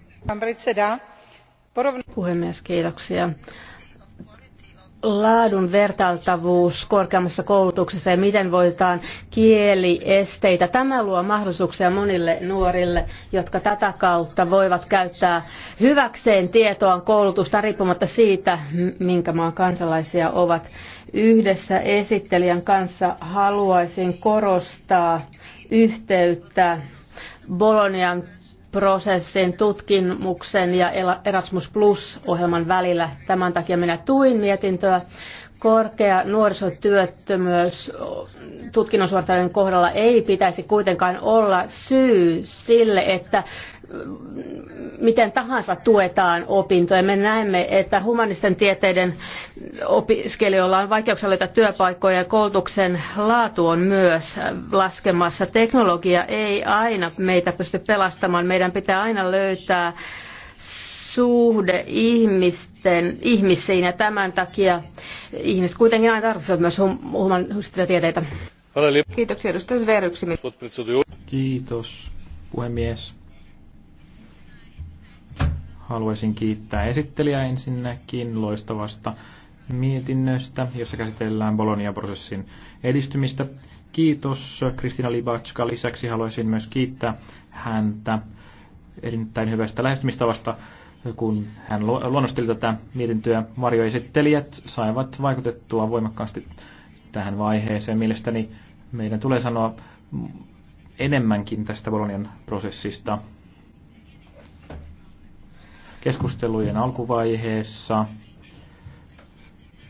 Puhemies, kiitoksia laadun vertailtavuus korkeammassa koulutuksessa ja miten voidaan kieliesteitä. Tämä luo mahdollisuuksia monille nuorille, jotka tätä kautta voivat käyttää hyväkseen tietoa koulutusta riippumatta siitä, minkä maan kansalaisia ovat. Yhdessä esittelijän kanssa haluaisin korostaa yhteyttä Bolonian prosessin, tutkimuksen ja Erasmus Plus-ohjelman välillä. Tämän takia minä tuin mietintöä, Korkea nuorisotyöttömyys tutkinnon suorittajien kohdalla ei pitäisi kuitenkaan olla syy sille, että miten tahansa tuetaan opintoja. Me näemme, että humanisten tieteiden opiskelijoilla on vaikeuksia löytää työpaikkoja ja koulutuksen laatu on myös laskemassa. Teknologia ei aina meitä pysty pelastamaan. Meidän pitää aina löytää suhde ihmisten, ihmisiin ja tämän takia ihmiset kuitenkin aina tarvitsevat myös hum- humanistisia tieteitä. Kiitoksia edustaja Zver, Kiitos puhemies. Haluaisin kiittää esittelijää ensinnäkin loistavasta mietinnöstä, jossa käsitellään Bologna-prosessin edistymistä. Kiitos Kristina Libatska. Lisäksi haluaisin myös kiittää häntä erittäin hyvästä lähestymistavasta kun hän luonnosteli tätä mietintöä. Varjoesittelijät saivat vaikutettua voimakkaasti tähän vaiheeseen. Mielestäni meidän tulee sanoa enemmänkin tästä Bolonian prosessista. Keskustelujen alkuvaiheessa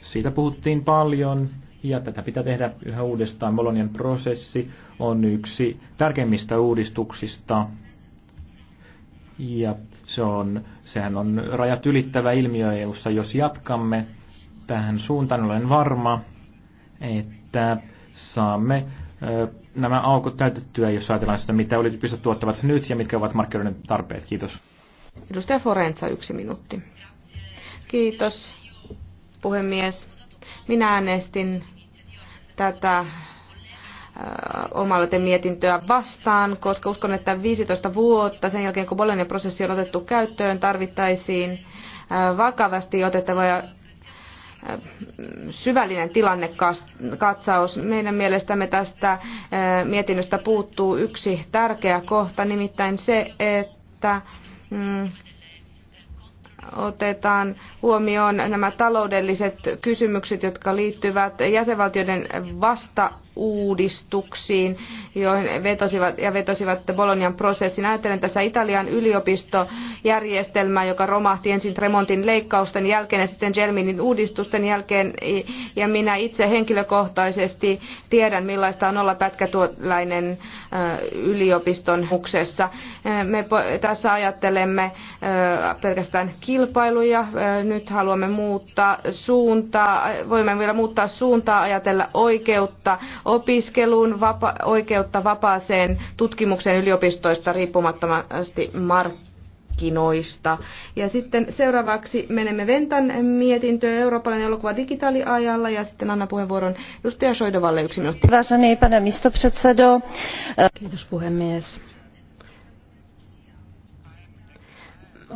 siitä puhuttiin paljon ja tätä pitää tehdä yhä uudestaan. Bolonian prosessi on yksi tärkeimmistä uudistuksista ja se on, sehän on rajat ylittävä ilmiö EU-ssa, Jos jatkamme tähän suuntaan, olen varma, että saamme ö, nämä aukot täytettyä, jos ajatellaan sitä, mitä yliopistot tuottavat nyt ja mitkä ovat markkinoiden tarpeet. Kiitos. Edustaja Forenza, yksi minuutti. Kiitos, puhemies. Minä äänestin tätä Äh, omaloite mietintöä vastaan, koska uskon, että 15 vuotta sen jälkeen, kun Bolognan prosessi on otettu käyttöön, tarvittaisiin äh, vakavasti otettava ja äh, syvällinen tilannekatsaus. Meidän mielestämme tästä mietinnöstä puuttuu yksi tärkeä kohta, nimittäin se, että mm, otetaan huomioon nämä taloudelliset kysymykset, jotka liittyvät jäsenvaltioiden vastauudistuksiin, joihin vetosivat ja vetosivat Bolonian prosessin. Ajattelen tässä Italian yliopistojärjestelmää, joka romahti ensin Tremontin leikkausten jälkeen ja sitten Gelminin uudistusten jälkeen. Ja minä itse henkilökohtaisesti tiedän, millaista on olla pätkätyöläinen yliopiston muksessa. Me tässä ajattelemme pelkästään kilpailua kilpailuja, nyt haluamme muuttaa suuntaa, voimme vielä muuttaa suuntaa, ajatella oikeutta opiskeluun, vapa, oikeutta vapaaseen tutkimukseen yliopistoista riippumattomasti markkinoille markkinoista. Ja sitten seuraavaksi menemme Ventan mietintöön Euroopan elokuva digitaaliajalla ja sitten anna puheenvuoron edustaja Soidovalle yksi minuutti. Kiitos puhemies.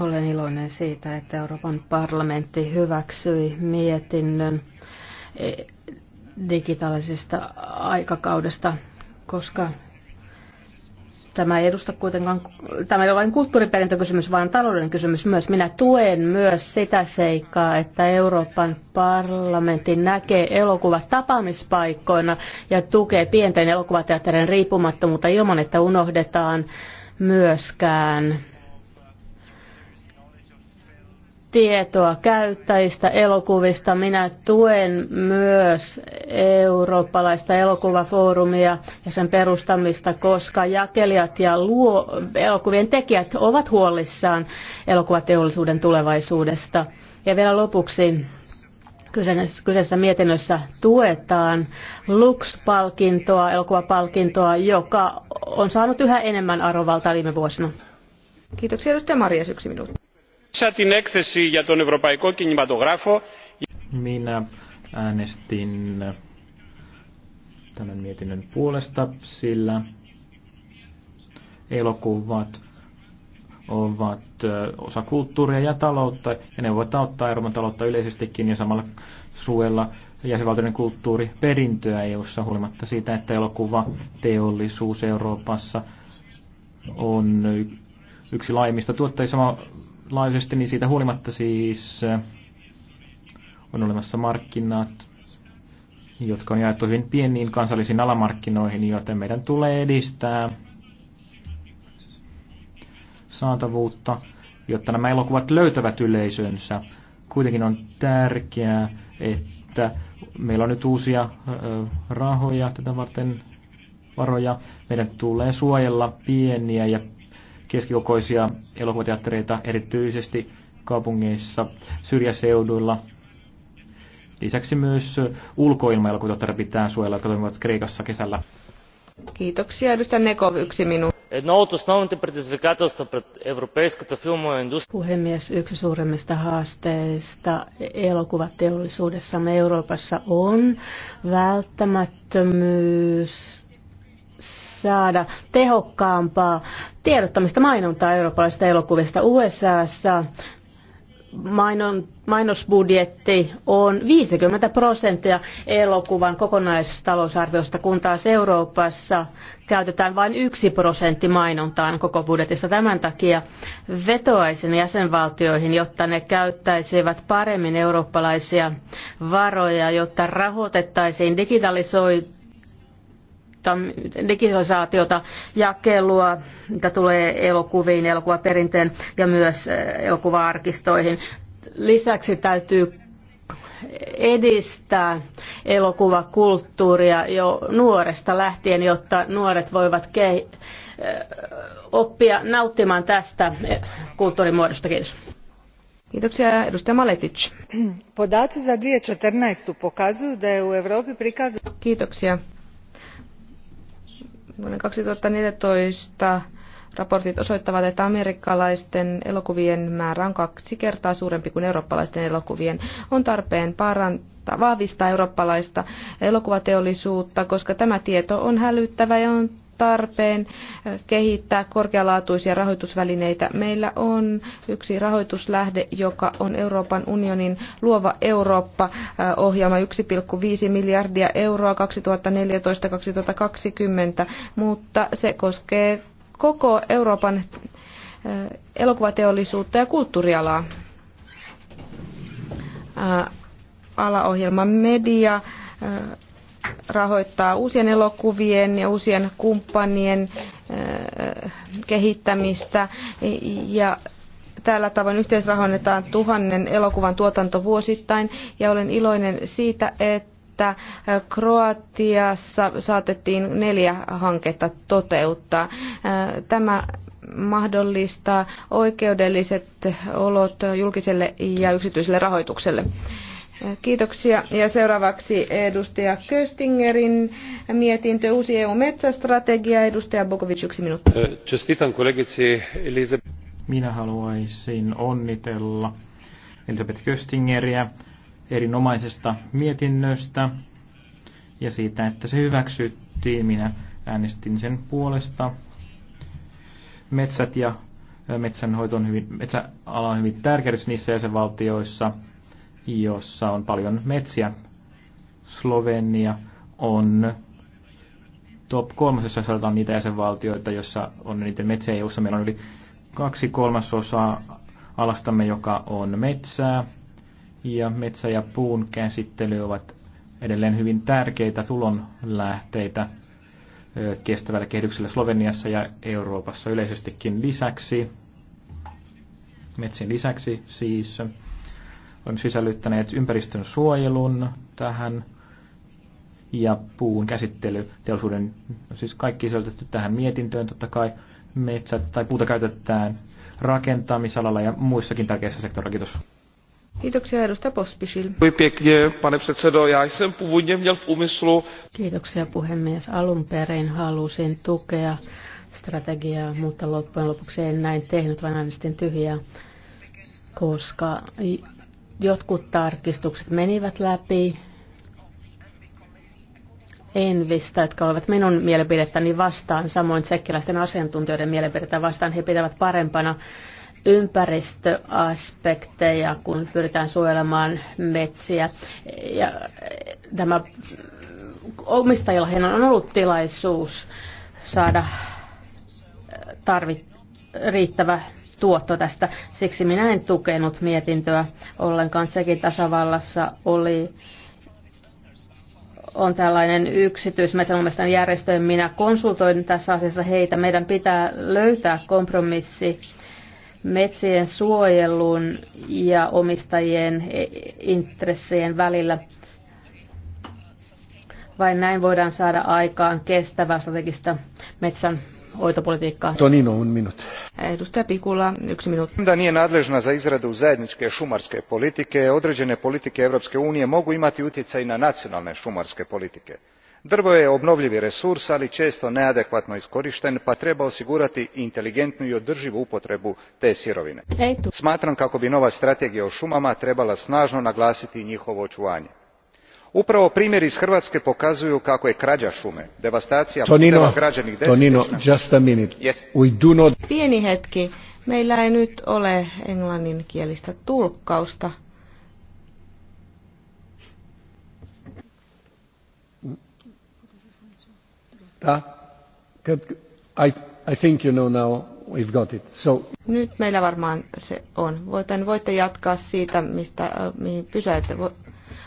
Olen iloinen siitä, että Euroopan parlamentti hyväksyi mietinnön e, digitaalisesta aikakaudesta, koska tämä ei edusta kuitenkaan, tämä ei ole vain kulttuuriperintökysymys, vaan talouden kysymys myös. Minä tuen myös sitä seikkaa, että Euroopan parlamentti näkee elokuvat tapaamispaikkoina ja tukee pienten elokuvateatterien riippumattomuutta ilman, että unohdetaan myöskään tietoa käyttäjistä, elokuvista. Minä tuen myös eurooppalaista elokuvafoorumia ja sen perustamista, koska jakelijat ja luo, elokuvien tekijät ovat huolissaan elokuvateollisuuden tulevaisuudesta. Ja vielä lopuksi kyseisessä mietinnössä tuetaan Lux-palkintoa, elokuvapalkintoa, joka on saanut yhä enemmän arvovaltaa viime vuosina. Kiitoksia edustaja Marjas, yksi minuutti την έκθεση για τον Ευρωπαϊκό Κινηματογράφο. Minä äänestin tämän mietinnön puolesta, sillä elokuvat ovat eh, osa kulttuuria ja taloutta, ja ne voivat auttaa Euroopan taloutta yleisestikin ja samalla suojella jäsenvaltioiden kulttuuriperintöä EU-ssa huolimatta siitä, että elokuvateollisuus Euroopassa on yksi laimmista tuottajista laajuisesti, niin siitä huolimatta siis äh, on olemassa markkinat, jotka on jaettu hyvin pieniin kansallisiin alamarkkinoihin, joten meidän tulee edistää saatavuutta, jotta nämä elokuvat löytävät yleisönsä. Kuitenkin on tärkeää, että meillä on nyt uusia äh, rahoja tätä varten varoja. Meidän tulee suojella pieniä ja keskikokoisia elokuvateattereita erityisesti kaupungeissa syrjäseuduilla. Lisäksi myös ulkoilmaelokuvateattereita pitää suojella, jotka toimivat Kreikassa kesällä. Kiitoksia. Edustaja Nekov, yksi minuutti. Puhemies, yksi suuremmista haasteista elokuvateollisuudessamme Euroopassa on välttämättömyys saada tehokkaampaa tiedottamista mainontaa eurooppalaisista elokuvista. USAssa mainon, mainosbudjetti on 50 prosenttia elokuvan kokonaistalousarviosta, kun taas Euroopassa käytetään vain yksi prosentti mainontaan koko budjetissa. Tämän takia vetoaisin jäsenvaltioihin, jotta ne käyttäisivät paremmin eurooppalaisia varoja, jotta rahoitettaisiin digitalisoitu digitalisaatiota, jakelua, mitä tulee elokuviin, elokuvaperinteen ja myös äh, elokuvaarkistoihin. Lisäksi täytyy edistää elokuvakulttuuria jo nuoresta lähtien, jotta nuoret voivat äh, oppia nauttimaan tästä äh, kulttuurimuodosta. Kiitos. Kiitoksia. Edustaja Maletic. Podaci za 2014 pokazuju da je u Europi prikazu. Kiitoksia. Vuoden 2014 raportit osoittavat, että amerikkalaisten elokuvien määrä on kaksi kertaa suurempi kuin eurooppalaisten elokuvien. On tarpeen parantaa, vahvistaa eurooppalaista elokuvateollisuutta, koska tämä tieto on hälyttävä ja on tarpeen kehittää korkealaatuisia rahoitusvälineitä. Meillä on yksi rahoituslähde, joka on Euroopan unionin Luova Eurooppa-ohjelma 1,5 miljardia euroa 2014-2020, mutta se koskee koko Euroopan eh, elokuvateollisuutta ja kulttuurialaa. Eh, alaohjelma media eh, rahoittaa uusien elokuvien ja uusien kumppanien äh, kehittämistä ja tällä tavoin yhteisrahoitetaan tuhannen elokuvan tuotanto vuosittain ja olen iloinen siitä, että äh, Kroatiassa saatettiin neljä hanketta toteuttaa. Äh, tämä mahdollistaa oikeudelliset olot julkiselle ja yksityiselle rahoitukselle. Kiitoksia. Ja seuraavaksi edustaja Köstingerin mietintö Uusi EU-metsästrategia. Edustaja Bokovic, yksi minuutti. Minä haluaisin onnitella Elisabeth Köstingeriä erinomaisesta mietinnöstä ja siitä, että se hyväksyttiin. Minä äänestin sen puolesta. Metsät ja metsänhoito on hyvin, metsäala on hyvin tärkeässä niissä jäsenvaltioissa – jossa on paljon metsiä. Slovenia on top kolmasessa osalta otetaan niitä jäsenvaltioita, jossa on niiden metsiä EU-ssa. Meillä on yli kaksi kolmasosaa alastamme, joka on metsää. Ja metsä ja puun käsittely ovat edelleen hyvin tärkeitä tulonlähteitä kestävällä kehityksellä Sloveniassa ja Euroopassa yleisestikin lisäksi. metsin lisäksi siis on sisällyttäneet ympäristön suojelun tähän ja puun käsittely teollisuuden, no siis kaikki sisällytetty tähän mietintöön totta kai. Metsät tai puuta käytetään rakentamisalalla ja muissakin tärkeissä sektoreissa. Kiitos. Kiitoksia edustaja Pospisil. pane předsedo. Já jsem původně měl v úmyslu... Kiitoksia puhemies. Alun perin halusin tukea strategiaa, mutta loppujen lopuksi en näin tehnyt, vaan äänestin tyhjää, koska Jotkut tarkistukset menivät läpi Envistä, jotka olivat minun mielipidettäni vastaan, samoin tsekkiläisten asiantuntijoiden mielipidettä vastaan. He pitävät parempana ympäristöaspekteja, kun pyritään suojelemaan metsiä. Ja tämä omistajilla on ollut tilaisuus saada tarvit, riittävä tuotto tästä. Siksi minä en tukenut mietintöä ollenkaan. Sekin tasavallassa oli on tällainen yksityismetsänomistajan järjestö. Minä konsultoin tässä asiassa heitä. Meidän pitää löytää kompromissi metsien suojelun ja omistajien e- intressien välillä. Vain näin voidaan saada aikaan kestävää strategista metsän hoitopolitiikkaa. Tonino, un minut. Edustaja Pikula, yksi minuutti. Da nije nadležna za izradu zajedničke šumarske politike, određene politike Europske unije mogu imati utjecaj na nacionalne šumarske politike. Drvo je obnovljivi resurs, ali često neadekvatno iskorišten, pa treba osigurati inteligentnu i održivu upotrebu te sirovine. Smatram kako bi nova strategija o šumama trebala snažno naglasiti njihovo očuvanje upravo primjeri iz hrvatske pokazuju kako je krađa šume devastacija puteva građenih desetljećima meillä nyt ole englanninkielistä Nyt meillä varmaan se on. jatkaa siitä,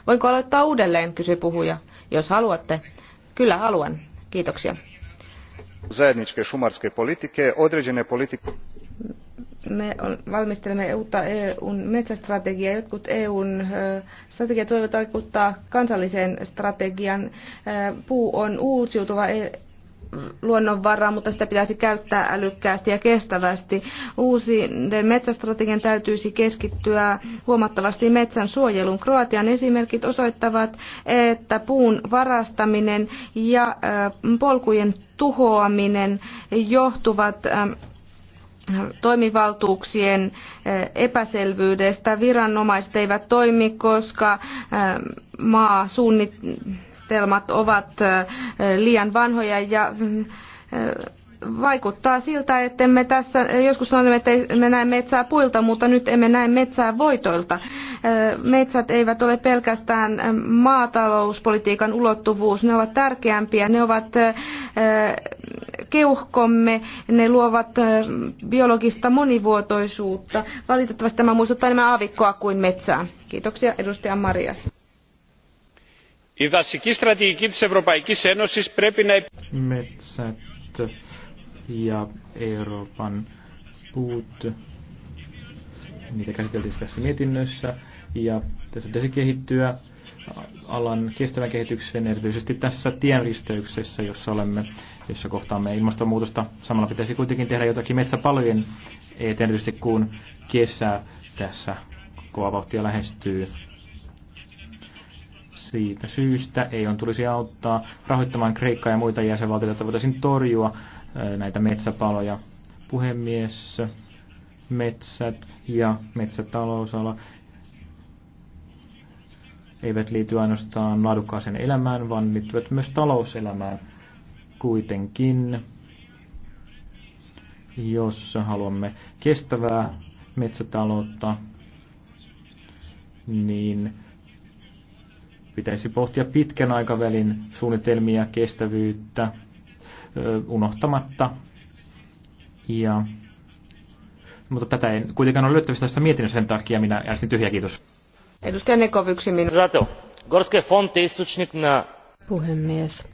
Voinko aloittaa uudelleen, kysyi puhuja, jos haluatte. Kyllä haluan. Kiitoksia. Zajedničke šumarske politike, određene politike me valmistelemme uutta EUn metsästrategiaa. Jotkut EUn strategiat voivat vaikuttaa kansalliseen strategian. Puu on uusiutuva e- luonnonvaraa, mutta sitä pitäisi käyttää älykkäästi ja kestävästi. Uusien metsästrategian täytyisi keskittyä huomattavasti metsän suojeluun. Kroatian esimerkit osoittavat, että puun varastaminen ja äh, polkujen tuhoaminen johtuvat ähm, toimivaltuuksien äh, epäselvyydestä. Viranomaiset eivät toimi, koska äh, maa suunnittelee suunnitelmat ovat liian vanhoja ja vaikuttaa siltä, että me tässä joskus sanoimme, että me näe metsää puilta, mutta nyt emme näe metsää voitoilta. Metsät eivät ole pelkästään maatalouspolitiikan ulottuvuus, ne ovat tärkeämpiä, ne ovat keuhkomme, ne luovat biologista monivuotoisuutta. Valitettavasti tämä muistuttaa enemmän aavikkoa kuin metsää. Kiitoksia edustaja Marias. Η δασική στρατηγική της Ευρωπαϊκής Ένωσης πρέπει να... Metsät ja Euroopan puut, niitä käsiteltiin siis tässä mietinnössä, ja tässä pitäisi kehittyä alan kestävän kehityksen, erityisesti tässä tienristeyksessä, jossa olemme, jossa kohtaamme ilmastonmuutosta. Samalla pitäisi kuitenkin tehdä jotakin metsäpalojen eteen, erityisesti kun kesä tässä kova vauhtia lähestyy. Siitä syystä ei on tulisi auttaa rahoittamaan Kreikkaa ja muita jäsenvaltioita, että voitaisiin torjua näitä metsäpaloja. Puhemies, metsät ja metsätalousala eivät liity ainoastaan laadukkaaseen elämään, vaan liittyvät myös talouselämään kuitenkin. Jos haluamme kestävää metsätaloutta, niin Pitäisi pohtia pitkän aikavälin suunnitelmia, kestävyyttä unohtamatta. Ja, mutta tätä ei kuitenkaan ole löytävissä tässä mietinnössä sen takia, minä äänestin tyhjä, kiitos. Edustaja Nekov, yksi minuutti. Puhemies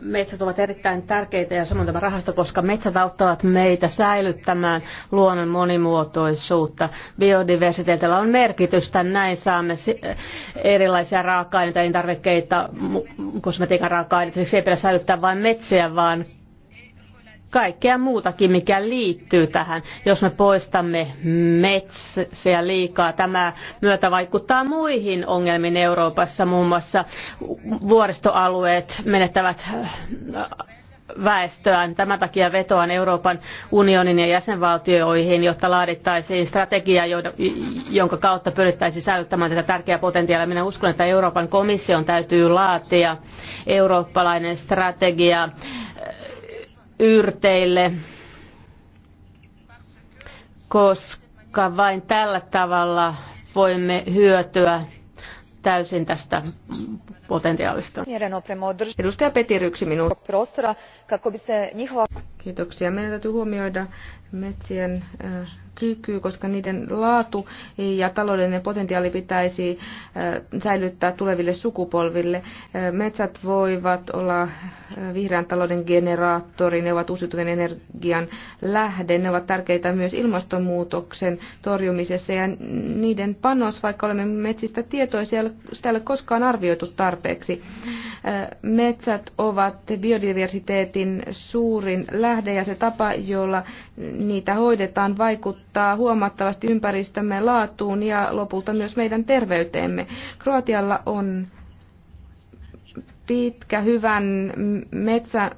metsät ovat erittäin tärkeitä ja samoin tämä rahasto, koska metsät auttavat meitä säilyttämään luonnon monimuotoisuutta. Biodiversiteetillä on merkitystä, näin saamme erilaisia raaka-aineita, elintarvikkeita, kosmetiikan raaka-aineita. Siksi ei pidä säilyttää vain metsiä, vaan kaikkea muutakin, mikä liittyy tähän. Jos me poistamme metsiä liikaa, tämä myötä vaikuttaa muihin ongelmiin Euroopassa, muun muassa vuoristoalueet menettävät äh, väestöään. Tämän takia vetoan Euroopan unionin ja jäsenvaltioihin, jotta laadittaisiin strategia, jonka kautta pyrittäisiin säilyttämään tätä tärkeää potentiaalia. Minä uskon, että Euroopan komission täytyy laatia eurooppalainen strategia yrteille, koska vain tällä tavalla voimme hyötyä täysin tästä potentiaalista. Edustaja Petir, yksi minuutti. Kiitoksia. Meidän täytyy huomioida metsien äh, kyky, koska niiden laatu ja taloudellinen potentiaali pitäisi äh, säilyttää tuleville sukupolville. Äh, metsät voivat olla vihreän talouden generaattori, ne ovat uusiutuvien energian lähde, ne ovat tärkeitä myös ilmastonmuutoksen torjumisessa ja niiden panos, vaikka olemme metsistä tietoisia, sitä ei ole koskaan arvioitu tarpeeksi tarpeeksi. Metsät ovat biodiversiteetin suurin lähde ja se tapa, jolla niitä hoidetaan, vaikuttaa huomattavasti ympäristömme laatuun ja lopulta myös meidän terveyteemme. Kroatialla on pitkä hyvän metsä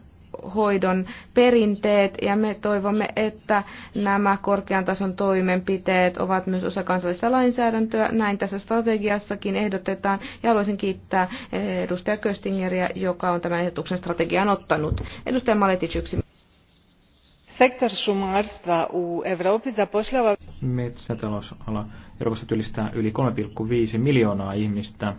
hoidon perinteet ja me toivomme, että nämä korkean tason toimenpiteet ovat myös osa kansallista lainsäädäntöä. Näin tässä strategiassakin ehdotetaan ja haluaisin kiittää eh, edustaja Köstingeriä, joka on tämän ehdotuksen strategian ottanut. Edustaja Maletic yksi. Sektor šumarstva u Europi zapošljava... Metsätalousala Euroopassa työllistää yli 3,5 miljoonaa ihmistä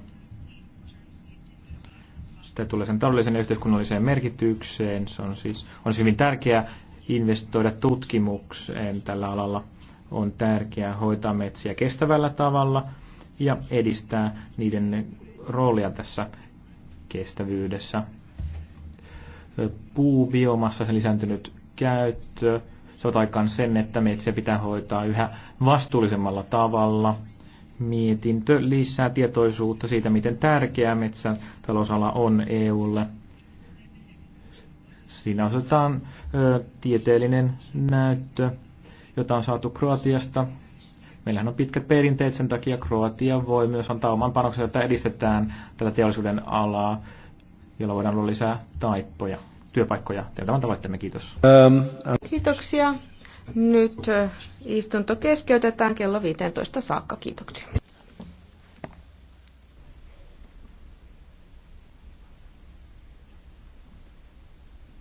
sitä tulee sen taloudelliseen ja yhteiskunnalliseen merkitykseen. Se on siis on siis hyvin tärkeää investoida tutkimukseen tällä alalla. On tärkeää hoitaa metsiä kestävällä tavalla ja edistää niiden roolia tässä kestävyydessä. Puubiomassa sen lisääntynyt käyttö, se aikaan sen, että metsiä pitää hoitaa yhä vastuullisemmalla tavalla – mietintö lisää tietoisuutta siitä, miten tärkeä metsätalousala on EUlle. Siinä osataan ö, tieteellinen näyttö, jota on saatu Kroatiasta. Meillähän on pitkät perinteet, sen takia Kroatia voi myös antaa oman panoksen, että edistetään tätä teollisuuden alaa, jolla voidaan olla lisää taippoja, työpaikkoja. Tämä on tavoitteemme, kiitos. Ähm, äh. Kiitoksia. Nyt äh, istunto keskeytetään kello 15 saakka. Kiitoksia.